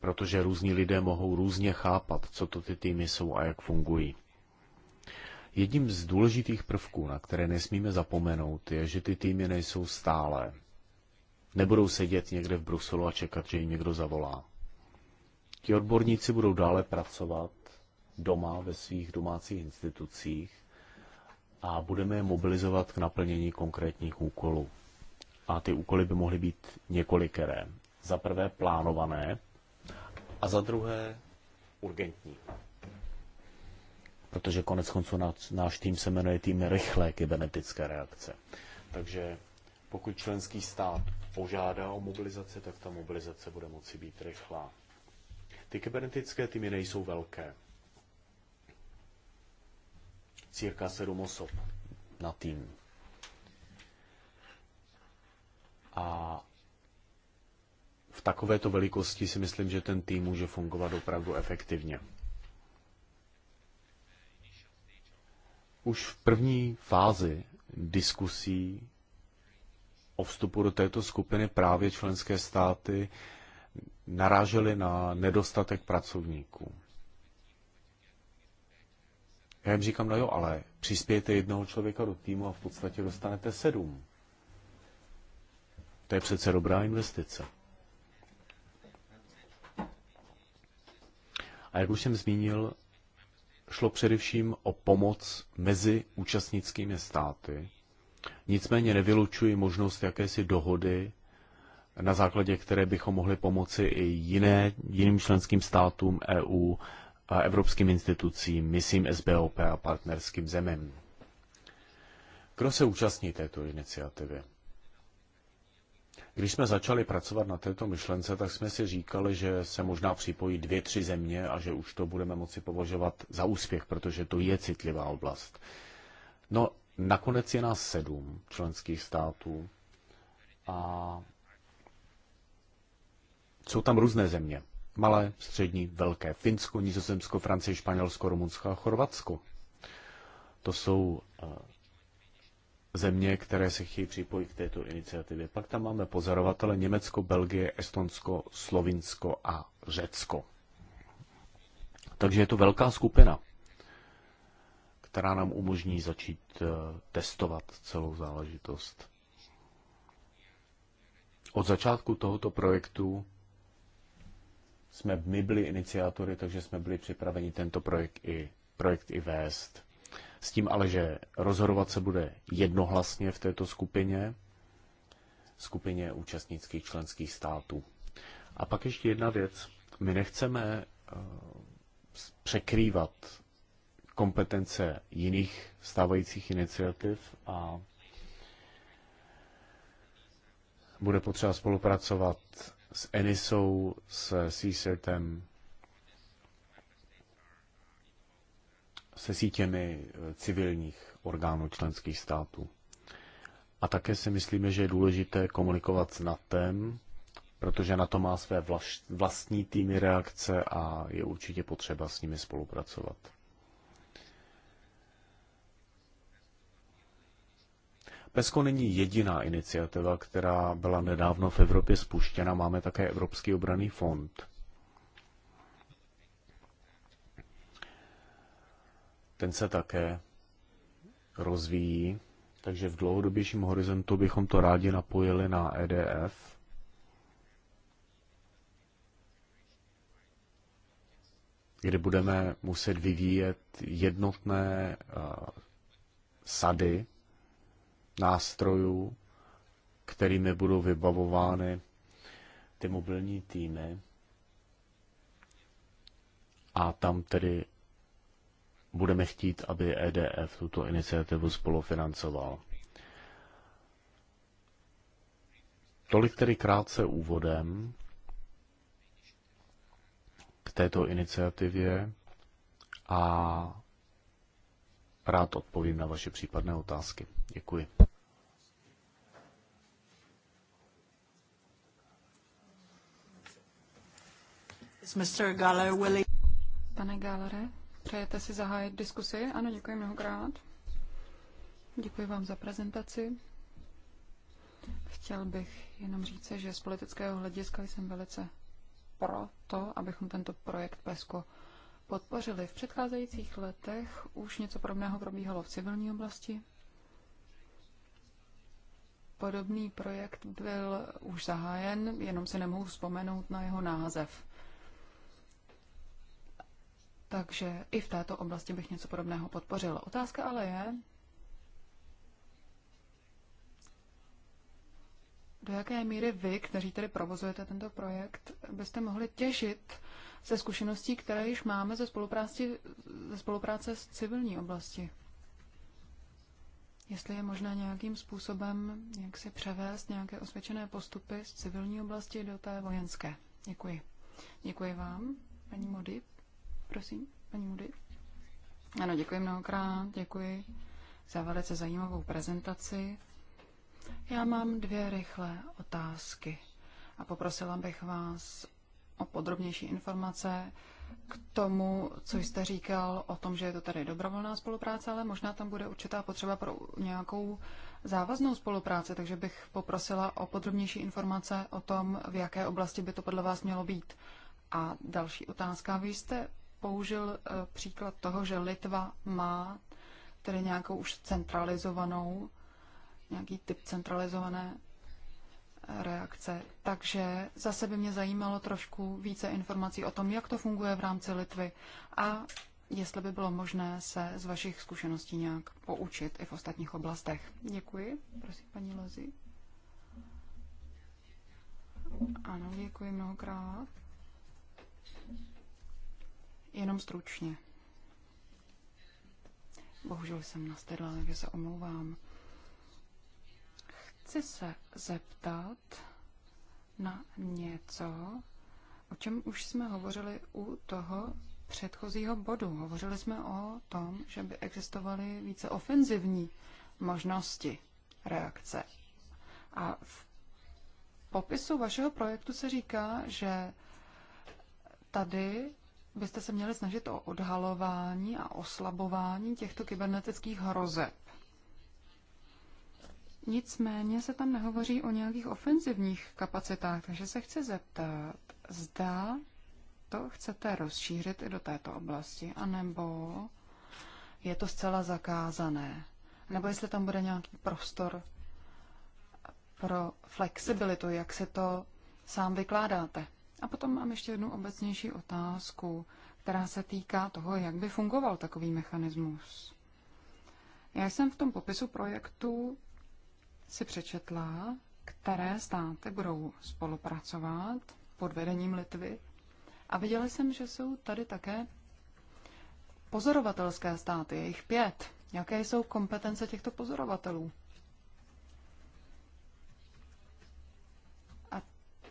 Protože různí lidé mohou různě chápat, co to ty týmy jsou a jak fungují. Jedním z důležitých prvků, na které nesmíme zapomenout, je, že ty týmy nejsou stálé. Nebudou sedět někde v Bruselu a čekat, že jim někdo zavolá. Ti odborníci budou dále pracovat doma ve svých domácích institucích a budeme je mobilizovat k naplnění konkrétních úkolů. A ty úkoly by mohly být několikeré. Za prvé plánované a za druhé urgentní. Protože konec konců náš tým se jmenuje tým rychlé kybernetické reakce. Takže pokud členský stát požádá o mobilizaci, tak ta mobilizace bude moci být rychlá. Ty kybernetické týmy nejsou velké. Cirka sedm osob na tým. A v takovéto velikosti si myslím, že ten tým může fungovat opravdu efektivně. Už v první fázi diskusí o vstupu do této skupiny právě členské státy narážely na nedostatek pracovníků. Já jim říkám, no jo, ale přispějte jednoho člověka do týmu a v podstatě dostanete sedm. To je přece dobrá investice. A jak už jsem zmínil, šlo především o pomoc mezi účastnickými státy, Nicméně nevylučuji možnost jakési dohody, na základě které bychom mohli pomoci i jiné, jiným členským státům EU a evropským institucím, misím SBOP a partnerským zemím. Kdo se účastní této iniciativy? Když jsme začali pracovat na této myšlence, tak jsme si říkali, že se možná připojí dvě, tři země a že už to budeme moci považovat za úspěch, protože to je citlivá oblast. No, Nakonec je nás sedm členských států a jsou tam různé země. Malé, střední, velké. Finsko, Nizozemsko, Francie, Španělsko, Rumunsko a Chorvatsko. To jsou eh, země, které se chtějí připojit k této iniciativě. Pak tam máme pozorovatele Německo, Belgie, Estonsko, Slovinsko a Řecko. Takže je to velká skupina která nám umožní začít eh, testovat celou záležitost. Od začátku tohoto projektu jsme my byli iniciátory, takže jsme byli připraveni tento projekt i, projekt i vést. S tím ale, že rozhodovat se bude jednohlasně v této skupině, skupině účastnických členských států. A pak ještě jedna věc. My nechceme eh, překrývat kompetence jiných stávajících iniciativ a bude potřeba spolupracovat s Enisou, s CSERTem, se sítěmi eh, civilních orgánů členských států. A také si myslíme, že je důležité komunikovat s NATEM, protože na to má své vlastní týmy reakce a je určitě potřeba s nimi spolupracovat. PESCO není jediná iniciativa, která byla nedávno v Evropě spuštěna. Máme také Evropský obraný fond. Ten se také rozvíjí, takže v dlouhodobějším horizontu bychom to rádi napojili na EDF. kdy budeme muset vyvíjet jednotné sady nástrojů, kterými budou vybavovány ty mobilní týmy. A tam tedy budeme chtít, aby EDF tuto iniciativu spolufinancoval. Tolik tedy krátce úvodem k této iniciativě a rád odpovím na vaše případné otázky. Děkuji. Pane Gallere, přejete si zahájit diskusi? Ano, děkuji mnohokrát. Děkuji vám za prezentaci. Chtěl bych jenom říct, že z politického hlediska jsem velice pro to, abychom tento projekt PESCO podpořili. V předcházejících letech už něco podobného probíhalo v civilní oblasti. Podobný projekt byl už zahájen, jenom si nemohu vzpomenout na jeho název. Takže i v této oblasti bych něco podobného podpořila. Otázka ale je, do jaké míry vy, kteří tedy provozujete tento projekt, byste mohli těžit ze zkušeností, které již máme ze spolupráce, ze spolupráce s civilní oblasti? Jestli je možné nějakým způsobem, jak si převést nějaké osvědčené postupy z civilní oblasti do té vojenské. Děkuji. Děkuji vám, paní Modip. Prosím, paní Mudy. Ano, děkuji mnohokrát, děkuji za velice zajímavou prezentaci. Já mám dvě rychlé otázky a poprosila bych vás o podrobnější informace k tomu, co jste říkal o tom, že je to tady dobrovolná spolupráce, ale možná tam bude určitá potřeba pro nějakou závaznou spolupráci, takže bych poprosila o podrobnější informace o tom, v jaké oblasti by to podle vás mělo být. A další otázka, vy jste použil eh, příklad toho, že Litva má tedy nějakou už centralizovanou, nějaký typ centralizované eh, reakce. Takže zase by mě zajímalo trošku více informací o tom, jak to funguje v rámci Litvy a jestli by bylo možné se z vašich zkušeností nějak poučit i v ostatních oblastech. Děkuji. Prosím, paní Lozi. Ano, děkuji mnohokrát. Jenom stručně. Bohužel jsem nastedla, takže se omlouvám. Chci se zeptat na něco, o čem už jsme hovořili u toho předchozího bodu. Hovořili jsme o tom, že by existovaly více ofenzivní možnosti reakce. A v popisu vašeho projektu se říká, že tady byste se měli snažit o odhalování a oslabování těchto kybernetických hrozeb. Nicméně se tam nehovoří o nějakých ofenzivních kapacitách, takže se chci zeptat, zda to chcete rozšířit i do této oblasti, anebo je to zcela zakázané, nebo jestli tam bude nějaký prostor pro flexibilitu, jak si to sám vykládáte. A potom mám ještě jednu obecnější otázku, která se týká toho, jak by fungoval takový mechanismus. Já jsem v tom popisu projektu si přečetla, které státy budou spolupracovat pod vedením Litvy. A viděla jsem, že jsou tady také pozorovatelské státy, jejich pět. Jaké jsou kompetence těchto pozorovatelů?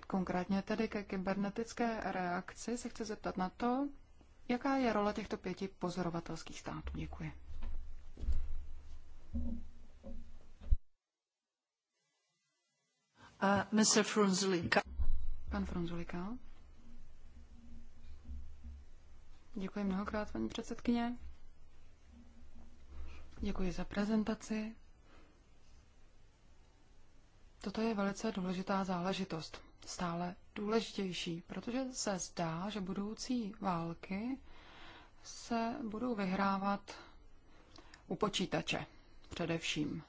Konkrétně tedy ke kybernetické reakci se chci zeptat na to, jaká je role těchto pěti pozorovatelských států. Děkuji. Uh, Mr. Frunzulika. Pan Frunzulika. Děkuji mnohokrát, paní předsedkyně. Děkuji za prezentaci. Toto je velice důležitá záležitost stále důležitější, protože se zdá, že budoucí války se budou vyhrávat u počítače především.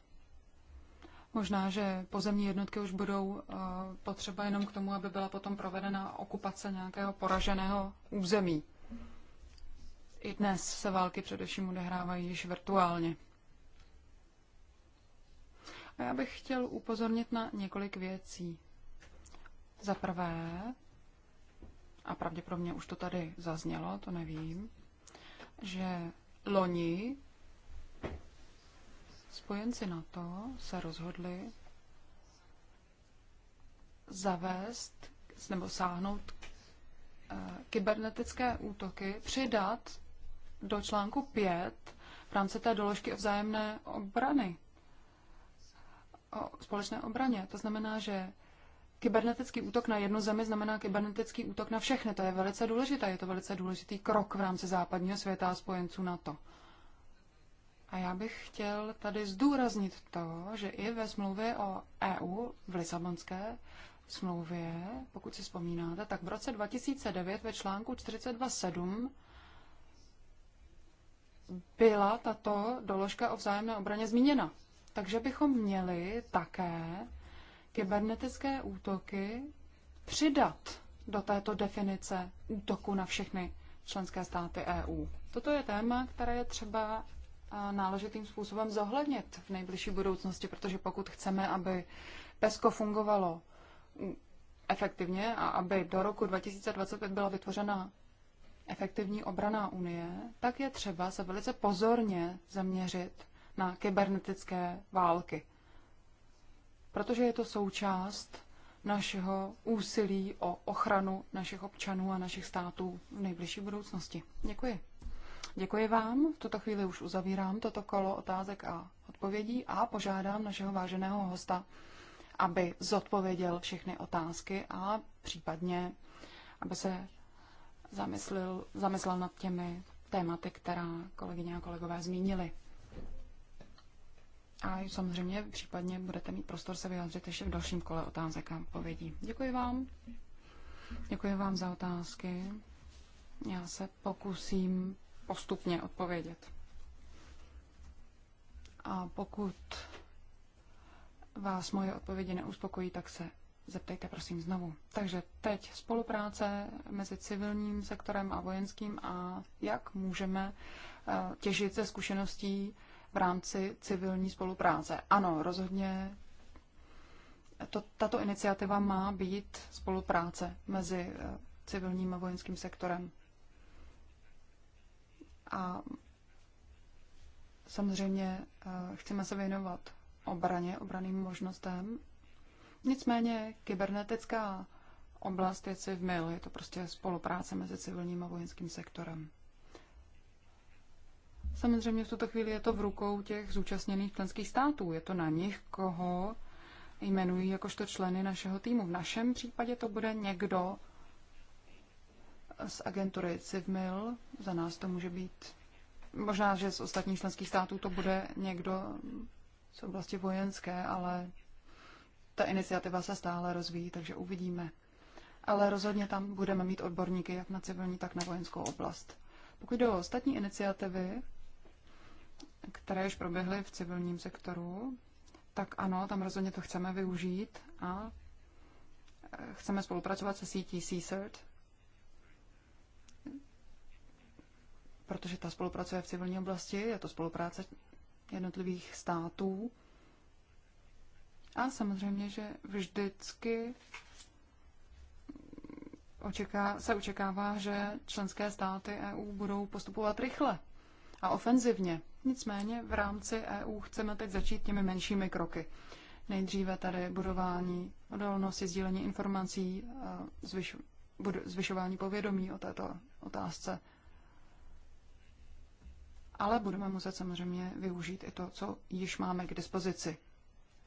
Možná, že pozemní jednotky už budou eh, potřeba jenom k tomu, aby byla potom provedena okupace nějakého poraženého území. I dnes se války především odehrávají již virtuálně. A já bych chtěl upozornit na několik věcí. Za prvé, a pravděpodobně už to tady zaznělo, to nevím, že loni spojenci NATO se rozhodli zavést nebo sáhnout eh, kybernetické útoky, přidat do článku 5 v rámci té doložky o vzájemné obrany, o společné obraně. To znamená, že Kybernetický útok na jednu zemi znamená kybernetický útok na všechny. To je velice důležité. Je to velice důležitý krok v rámci západního světa a spojenců NATO. A já bych chtěl tady zdůraznit to, že i ve smlouvě o EU v Lisabonské smlouvě, pokud si vzpomínáte, tak v roce 2009 ve článku 42.7 byla tato doložka o vzájemné obraně zmíněna. Takže bychom měli také kybernetické útoky přidat do této definice útoku na všechny členské státy EU. Toto je téma, které je třeba náležitým způsobem zohlednit v nejbližší budoucnosti, protože pokud chceme, aby PESCO fungovalo efektivně a aby do roku 2025 byla vytvořena efektivní obraná unie, tak je třeba se velice pozorně zaměřit na kybernetické války protože je to součást našeho úsilí o ochranu našich občanů a našich států v nejbližší budoucnosti. Děkuji. Děkuji vám. V tuto chvíli už uzavírám toto kolo otázek a odpovědí a požádám našeho váženého hosta, aby zodpověděl všechny otázky a případně, aby se zamyslel, zamyslel nad těmi tématy, která kolegyně a kolegové zmínili. A samozřejmě případně budete mít prostor se vyjádřit ještě v dalším kole otázek a odpovědí. Děkuji vám. Děkuji vám za otázky. Já se pokusím postupně odpovědět. A pokud vás moje odpovědi neuspokojí, tak se zeptejte prosím znovu. Takže teď spolupráce mezi civilním sektorem a vojenským a jak můžeme eh, těžit ze zkušeností v rámci civilní spolupráce. Ano, rozhodně to, tato iniciativa má být spolupráce mezi eh, civilním a vojenským sektorem. A samozřejmě eh, chceme se věnovat obraně, obraným možnostem. Nicméně kybernetická oblast je civil, je to prostě spolupráce mezi civilním a vojenským sektorem. Samozřejmě v tuto chvíli je to v rukou těch zúčastněných členských států. Je to na nich, koho jmenují jakožto členy našeho týmu. V našem případě to bude někdo z agentury CivMil. Za nás to může být, možná, že z ostatních členských států to bude někdo z oblasti vojenské, ale ta iniciativa se stále rozvíjí, takže uvidíme. Ale rozhodně tam budeme mít odborníky jak na civilní, tak na vojenskou oblast. Pokud jde o ostatní iniciativy, které již proběhly v civilním sektoru, tak ano, tam rozhodně to chceme využít a eh, chceme spolupracovat se sítí CSERT, protože ta spolupracuje v civilní oblasti, je to spolupráce jednotlivých států. A samozřejmě, že vždycky očeká, se očekává, že členské státy EU budou postupovat rychle a ofenzivně. Nicméně v rámci EU chceme teď začít těmi menšími kroky. Nejdříve tady budování odolnosti, sdílení informací, zvyš, zvyšování povědomí o této otázce. Ale budeme muset samozřejmě využít i to, co již máme k dispozici.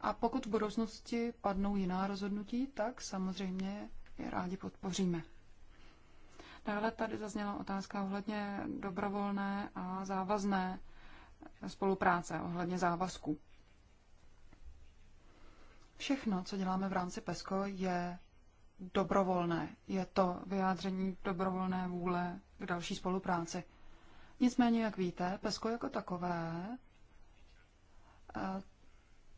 A pokud v budoucnosti padnou jiná rozhodnutí, tak samozřejmě je rádi podpoříme. Dále tady zazněla otázka ohledně dobrovolné a závazné spolupráce, ohledně závazku. Všechno, co děláme v rámci PESCO, je dobrovolné. Je to vyjádření dobrovolné vůle k další spolupráci. Nicméně, jak víte, PESCO jako takové eh,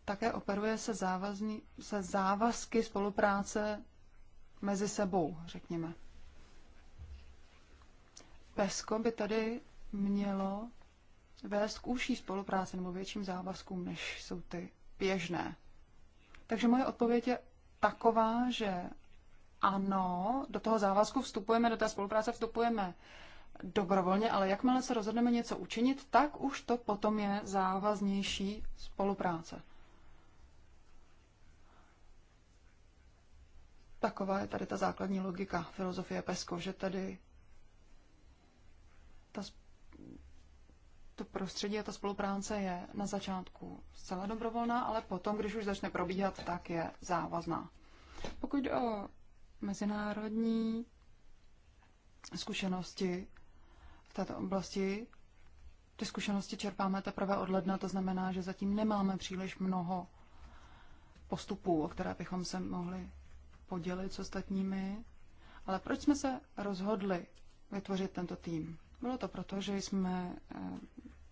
také operuje se, závazný, se závazky spolupráce mezi sebou, řekněme. PESCO by tady mělo vést k užší spolupráci nebo větším závazkům, než jsou ty běžné. Takže moje odpověď je taková, že ano, do toho závazku vstupujeme, do té spolupráce vstupujeme dobrovolně, ale jakmile se rozhodneme něco učinit, tak už to potom je závaznější spolupráce. Taková je tady ta základní logika filozofie PESCO, že tady ta, to prostředí a ta spolupráce je na začátku zcela dobrovolná, ale potom, když už začne probíhat, tak je závazná. Pokud jde o mezinárodní zkušenosti v této oblasti, ty zkušenosti čerpáme teprve od ledna, to znamená, že zatím nemáme příliš mnoho postupů, o které bychom se mohli podělit s ostatními. Ale proč jsme se rozhodli vytvořit tento tým? Bylo to proto, že jsme eh,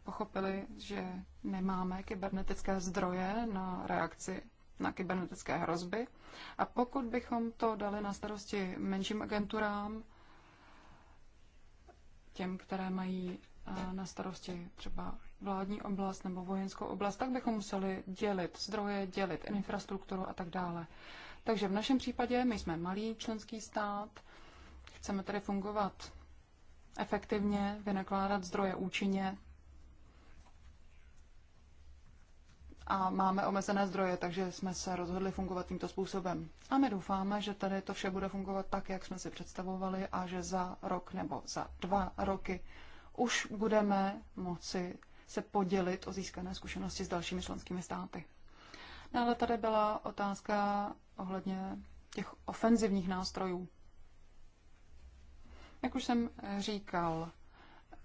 pochopili, že nemáme kybernetické zdroje na reakci na kybernetické hrozby. A pokud bychom to dali na starosti menším agenturám, těm, které mají eh, na starosti třeba vládní oblast nebo vojenskou oblast, tak bychom museli dělit zdroje, dělit infrastrukturu a tak dále. Takže v našem případě my jsme malý členský stát, chceme tedy fungovat efektivně, vynakládat zdroje účinně. A máme omezené zdroje, takže jsme se rozhodli fungovat tímto způsobem. A my doufáme, že tady to vše bude fungovat tak, jak jsme si představovali a že za rok nebo za dva roky už budeme moci se podělit o získané zkušenosti s dalšími členskými státy. No ale tady byla otázka ohledně těch ofenzivních nástrojů. Jak už jsem říkal,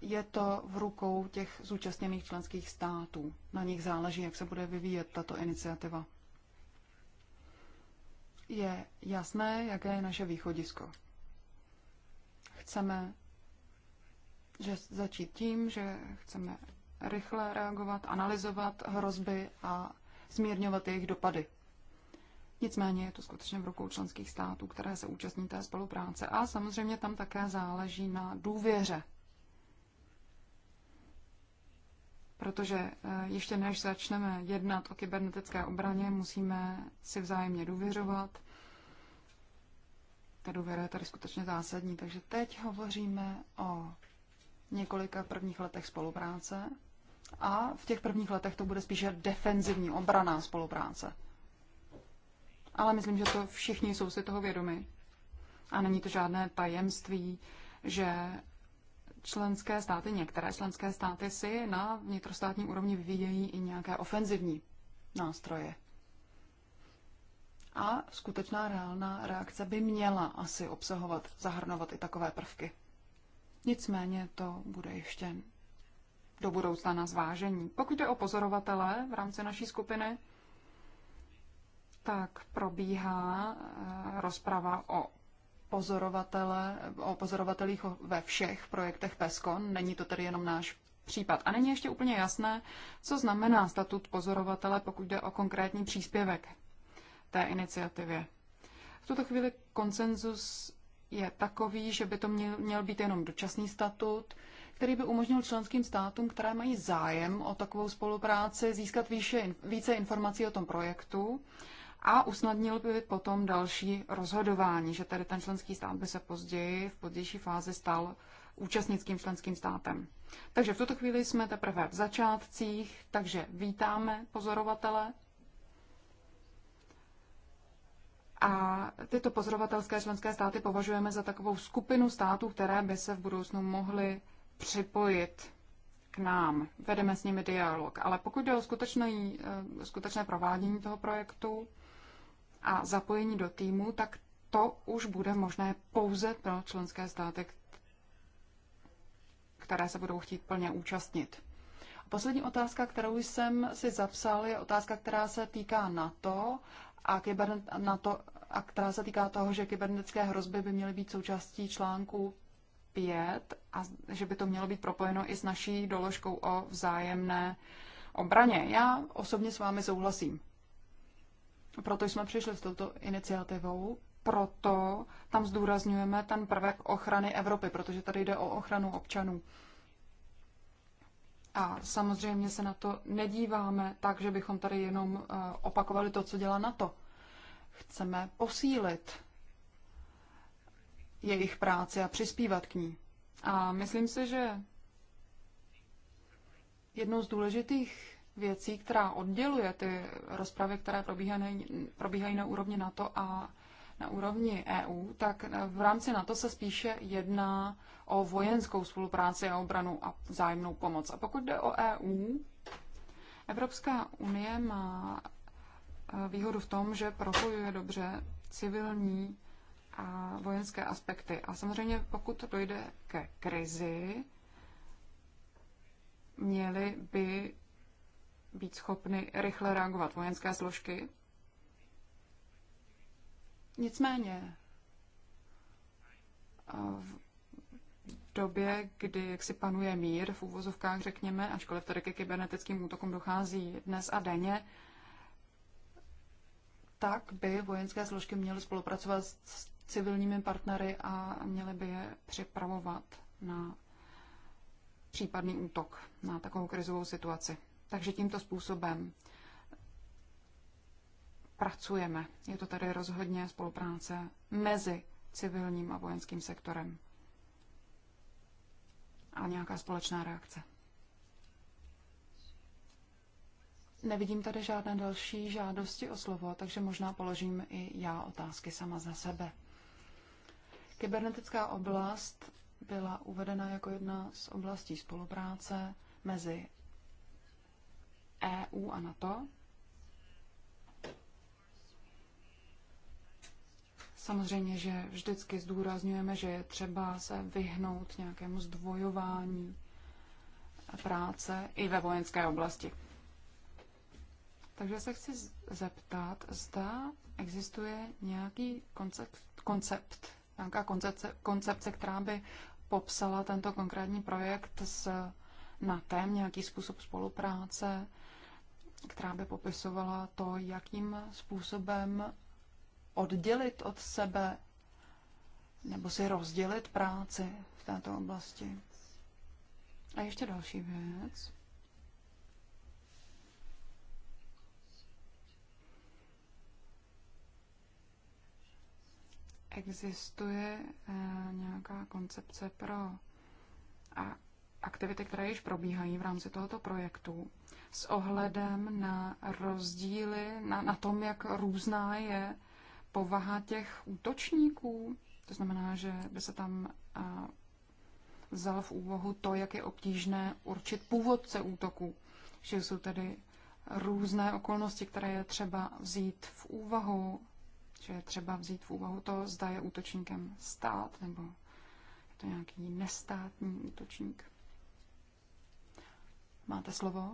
je to v rukou těch zúčastněných členských států. Na nich záleží, jak se bude vyvíjet tato iniciativa. Je jasné, jaké je naše východisko. Chceme že začít tím, že chceme rychle reagovat, analyzovat hrozby a zmírňovat jejich dopady. Nicméně je to skutečně v rukou členských států, které se účastní té spolupráce. A samozřejmě tam také záleží na důvěře. Protože eh, ještě než začneme jednat o kybernetické obraně, musíme si vzájemně důvěřovat. Ta důvěra je tady skutečně zásadní. Takže teď hovoříme o několika prvních letech spolupráce. A v těch prvních letech to bude spíše defenzivní obraná spolupráce ale myslím, že to všichni jsou si toho vědomi. A není to žádné tajemství, že členské státy, některé členské státy si na vnitrostátní úrovni vyvíjejí i nějaké ofenzivní nástroje. A skutečná reálná reakce by měla asi obsahovat, zahrnovat i takové prvky. Nicméně to bude ještě do budoucna na zvážení. Pokud jde o pozorovatele v rámci naší skupiny, tak probíhá eh, rozprava o pozorovatele, o pozorovatelích ve všech projektech PESCO. Není to tedy jenom náš případ. A není ještě úplně jasné, co znamená statut pozorovatele, pokud jde o konkrétní příspěvek té iniciativě. V tuto chvíli konsenzus je takový, že by to měl, měl být jenom dočasný statut, který by umožnil členským státům, které mají zájem o takovou spolupráci, získat výše, více informací o tom projektu a usnadnil by potom další rozhodování, že tedy ten členský stát by se později v pozdější fázi stal účastnickým členským státem. Takže v tuto chvíli jsme teprve v začátcích, takže vítáme pozorovatele. A tyto pozorovatelské členské státy považujeme za takovou skupinu států, které by se v budoucnu mohly připojit k nám. Vedeme s nimi dialog. Ale pokud jde o skutečné, eh, skutečné provádění toho projektu, a zapojení do týmu, tak to už bude možné pouze pro členské státy, které se budou chtít plně účastnit. A poslední otázka, kterou jsem si zapsal, je otázka, která se týká NATO a, kybernet, NATO, a která se týká toho, že kybernetické hrozby by měly být součástí článku 5 a že by to mělo být propojeno i s naší doložkou o vzájemné obraně. Já osobně s vámi souhlasím. Proto jsme přišli s touto iniciativou, proto tam zdůrazňujeme ten prvek ochrany Evropy, protože tady jde o ochranu občanů. A samozřejmě se na to nedíváme tak, že bychom tady jenom eh, opakovali to, co dělá NATO. Chceme posílit jejich práci a přispívat k ní. A myslím si, že jednou z důležitých věcí, která odděluje ty rozpravy, které probíhají, probíhají na úrovni NATO a na úrovni EU, tak eh, v rámci NATO se spíše jedná o vojenskou spolupráci a obranu a vzájemnou pomoc. A pokud jde o EU, Evropská unie má eh, výhodu v tom, že propojuje dobře civilní a vojenské aspekty. A samozřejmě, pokud dojde ke krizi, měly by být schopny rychle reagovat vojenské složky. Nicméně v době, kdy jaksi panuje mír v úvozovkách, řekněme, ačkoliv tady ke kybernetickým útokům dochází dnes a denně, tak by vojenské složky měly spolupracovat s civilními partnery a měly by je připravovat na případný útok, na takovou krizovou situaci. Takže tímto způsobem pracujeme. Je to tady rozhodně spolupráce mezi civilním a vojenským sektorem a nějaká společná reakce. Nevidím tady žádné další žádosti o slovo, takže možná položím i já otázky sama za sebe. Kybernetická oblast byla uvedena jako jedna z oblastí spolupráce mezi EU a NATO. Samozřejmě, že vždycky zdůrazňujeme, že je třeba se vyhnout nějakému zdvojování práce i ve vojenské oblasti. Takže se chci zeptat, zda existuje nějaký koncept, koncept nějaká koncepce, koncepce, která by popsala tento konkrétní projekt s NATO, nějaký způsob spolupráce, která by popisovala to, jakým způsobem oddělit od sebe nebo si rozdělit práci v této oblasti. A ještě další věc. Existuje eh, nějaká koncepce pro aktivity, které již probíhají v rámci tohoto projektu, s ohledem na rozdíly, na, na tom, jak různá je povaha těch útočníků. To znamená, že by se tam a, vzal v úvahu to, jak je obtížné určit původce útoku. Že jsou tedy různé okolnosti, které je třeba vzít v úvahu, že je třeba vzít v úvahu to, zda je útočníkem stát nebo je to nějaký nestátní útočník. Máte slovo?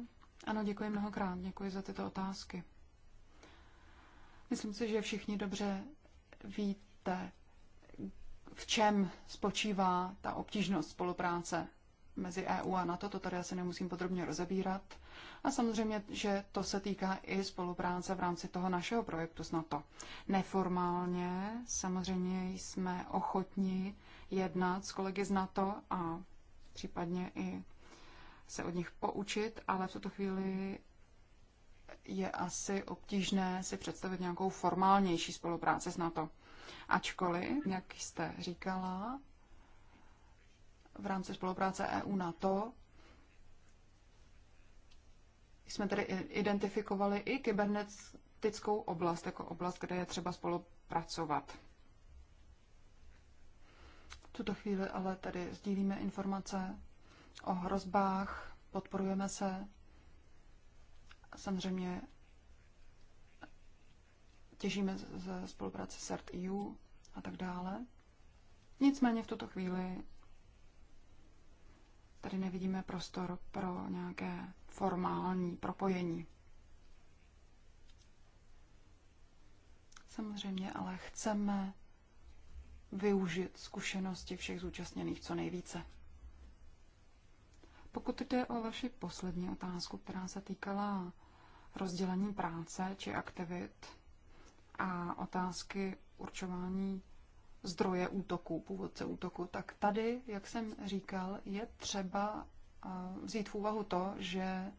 Ano, děkuji mnohokrát. Děkuji za tyto otázky. Myslím si, že všichni dobře víte, v čem spočívá ta obtížnost spolupráce mezi EU a NATO, to tady asi nemusím podrobně rozebírat. A samozřejmě, že to se týká i spolupráce v rámci toho našeho projektu s NATO. Neformálně samozřejmě jsme ochotni jednat s kolegy z NATO a případně i se od nich poučit, ale v tuto chvíli je asi obtížné si představit nějakou formálnější spolupráci s NATO. Ačkoliv, jak jste říkala, v rámci spolupráce EU-NATO jsme tedy identifikovali i kybernetickou oblast jako oblast, kde je třeba spolupracovat. V tuto chvíli ale tady sdílíme informace o hrozbách, podporujeme se. Samozřejmě těžíme ze spolupráce CERT EU a tak dále. Nicméně v tuto chvíli tady nevidíme prostor pro nějaké formální propojení. Samozřejmě ale chceme využít zkušenosti všech zúčastněných co nejvíce. Pokud jde o vaši poslední otázku, která se týkala rozdělení práce či aktivit a otázky určování zdroje útoku, původce útoku, tak tady, jak jsem říkal, je třeba eh, vzít v úvahu to, že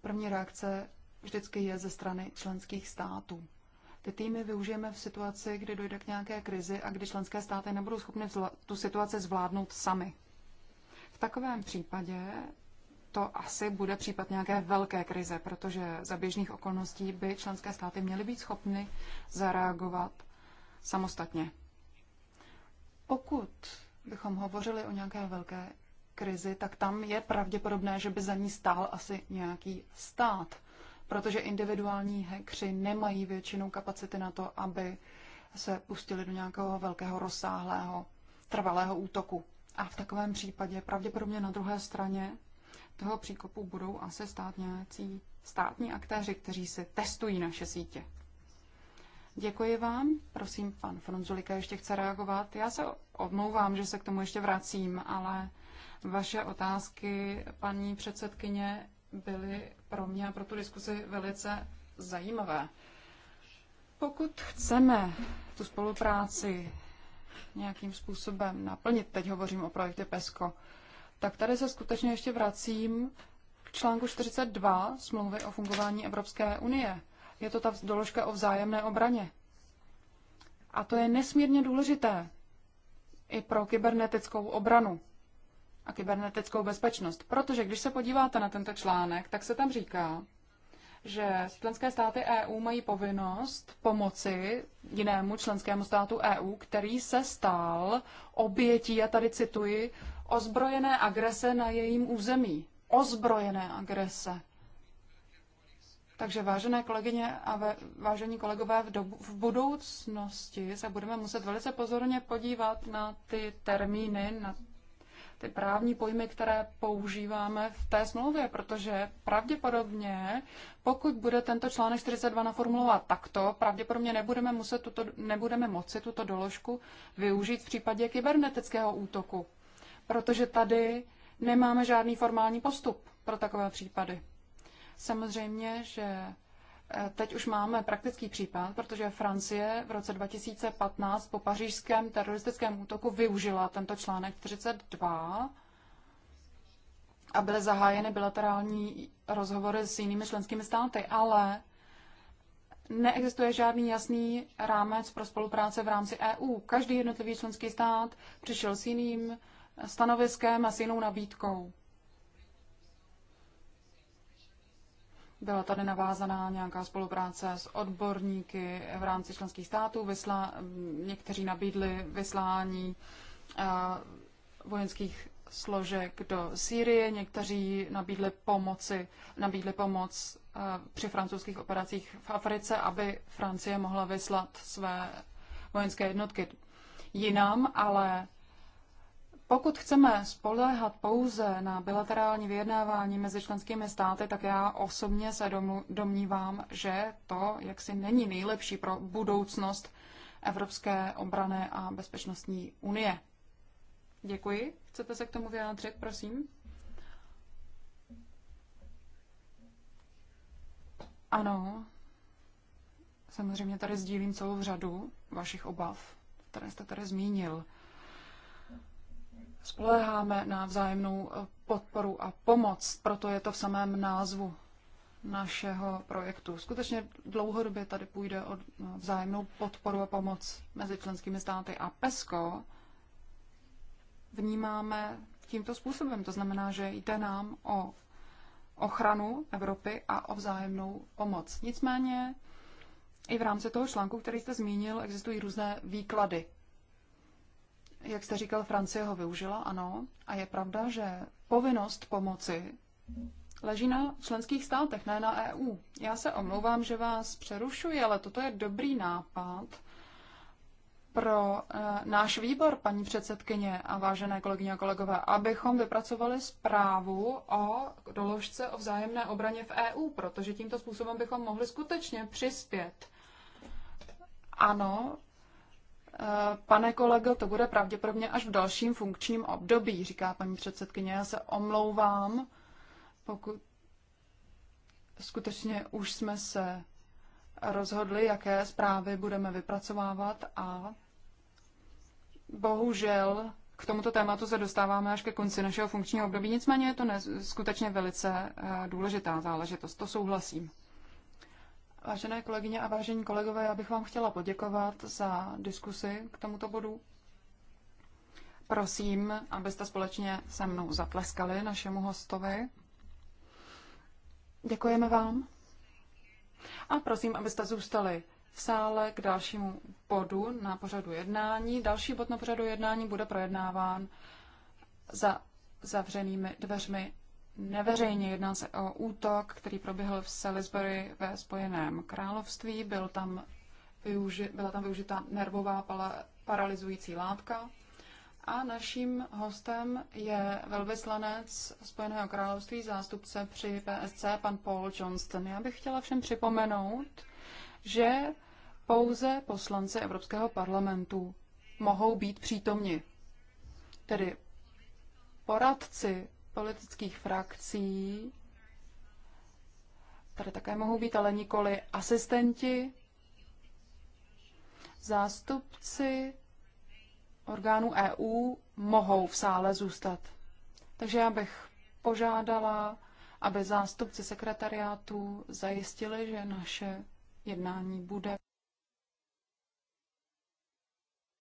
první reakce vždycky je ze strany členských států. Ty týmy využijeme v situaci, kdy dojde k nějaké krizi a kdy členské státy nebudou schopny tu situaci zvládnout sami takovém případě to asi bude případ nějaké velké krize, protože za běžných okolností by členské státy měly být schopny zareagovat samostatně. Pokud bychom hovořili o nějaké velké krizi, tak tam je pravděpodobné, že by za ní stál asi nějaký stát, protože individuální hekři nemají většinou kapacity na to, aby se pustili do nějakého velkého rozsáhlého trvalého útoku. A v takovém případě pravděpodobně na druhé straně toho příkopu budou asi stát nějací státní aktéři, kteří si testují naše sítě. Děkuji vám. Prosím, pan Fronzulika ještě chce reagovat. Já se omlouvám, že se k tomu ještě vracím, ale vaše otázky, paní předsedkyně, byly pro mě a pro tu diskuzi velice zajímavé. Pokud chceme tu spolupráci nějakým způsobem naplnit, teď hovořím o projektu PESCO, tak tady se skutečně ještě vracím k článku 42 smlouvy o fungování Evropské unie. Je to ta doložka o vzájemné obraně. A to je nesmírně důležité i pro kybernetickou obranu a kybernetickou bezpečnost. Protože když se podíváte na tento článek, tak se tam říká, že členské státy EU mají povinnost pomoci jinému členskému státu EU, který se stal obětí, já tady cituji, ozbrojené agrese na jejím území. Ozbrojené agrese. Takže vážené kolegyně a ve, vážení kolegové, v, dobu, v budoucnosti se budeme muset velice pozorně podívat na ty termíny, na ty právní pojmy, které používáme v té smlouvě, protože pravděpodobně, pokud bude tento článek 42 naformulovat takto, pravděpodobně nebudeme, muset tuto, nebudeme moci tuto doložku využít v případě kybernetického útoku, protože tady nemáme žádný formální postup pro takové případy. Samozřejmě, že Teď už máme praktický případ, protože Francie v roce 2015 po pařížském teroristickém útoku využila tento článek 32 a byly zahájeny bilaterální rozhovory s jinými členskými státy, ale neexistuje žádný jasný rámec pro spolupráce v rámci EU. Každý jednotlivý členský stát přišel s jiným stanoviskem a s jinou nabídkou. Byla tady navázaná nějaká spolupráce s odborníky v rámci členských států. Vysla, někteří nabídli vyslání eh, vojenských složek do Sýrie, někteří nabídli, pomoci, nabídli pomoc eh, při francouzských operacích v Africe, aby Francie mohla vyslat své vojenské jednotky jinam, ale pokud chceme spolehat pouze na bilaterální vyjednávání mezi členskými státy, tak já osobně se domnívám, že to jaksi není nejlepší pro budoucnost Evropské obrané a bezpečnostní unie. Děkuji. Chcete se k tomu vyjádřit, prosím? Ano. Samozřejmě tady sdílím celou řadu vašich obav, které jste tady zmínil spoleháme na vzájemnou eh, podporu a pomoc. Proto je to v samém názvu našeho projektu. Skutečně dlouhodobě tady půjde o eh, vzájemnou podporu a pomoc mezi členskými státy a PESCO vnímáme tímto způsobem. To znamená, že jde nám o ochranu Evropy a o vzájemnou pomoc. Nicméně i v rámci toho článku, který jste zmínil, existují různé výklady jak jste říkal, Francie ho využila, ano. A je pravda, že povinnost pomoci leží na členských státech, ne na EU. Já se omlouvám, že vás přerušuji, ale toto je dobrý nápad pro e, náš výbor, paní předsedkyně a vážené kolegyně a kolegové, abychom vypracovali zprávu o doložce o vzájemné obraně v EU, protože tímto způsobem bychom mohli skutečně přispět. Ano, Eh, pane kolego, to bude pravděpodobně až v dalším funkčním období, říká paní předsedkyně. Já se omlouvám, pokud skutečně už jsme se rozhodli, jaké zprávy budeme vypracovávat a bohužel k tomuto tématu se dostáváme až ke konci našeho funkčního období. Nicméně je to skutečně velice eh, důležitá záležitost, to souhlasím. Vážené kolegyně a vážení kolegové, já bych vám chtěla poděkovat za diskusi k tomuto bodu. Prosím, abyste společně se mnou zatleskali našemu hostovi. Děkujeme vám. A prosím, abyste zůstali v sále k dalšímu bodu na pořadu jednání. Další bod na pořadu jednání bude projednáván za zavřenými dveřmi neveřejně. Jedná se o útok, který proběhl v Salisbury ve Spojeném království. Byl tam využi- byla tam využita nervová pala- paralyzující látka. A naším hostem je velvyslanec Spojeného království, zástupce při PSC, pan Paul Johnston. Já bych chtěla všem připomenout, že pouze poslanci Evropského parlamentu mohou být přítomni. Tedy poradci politických frakcí tady také mohou být, ale nikoli asistenti, zástupci orgánů EU mohou v sále zůstat. Takže já bych požádala, aby zástupci sekretariátu zajistili, že naše jednání bude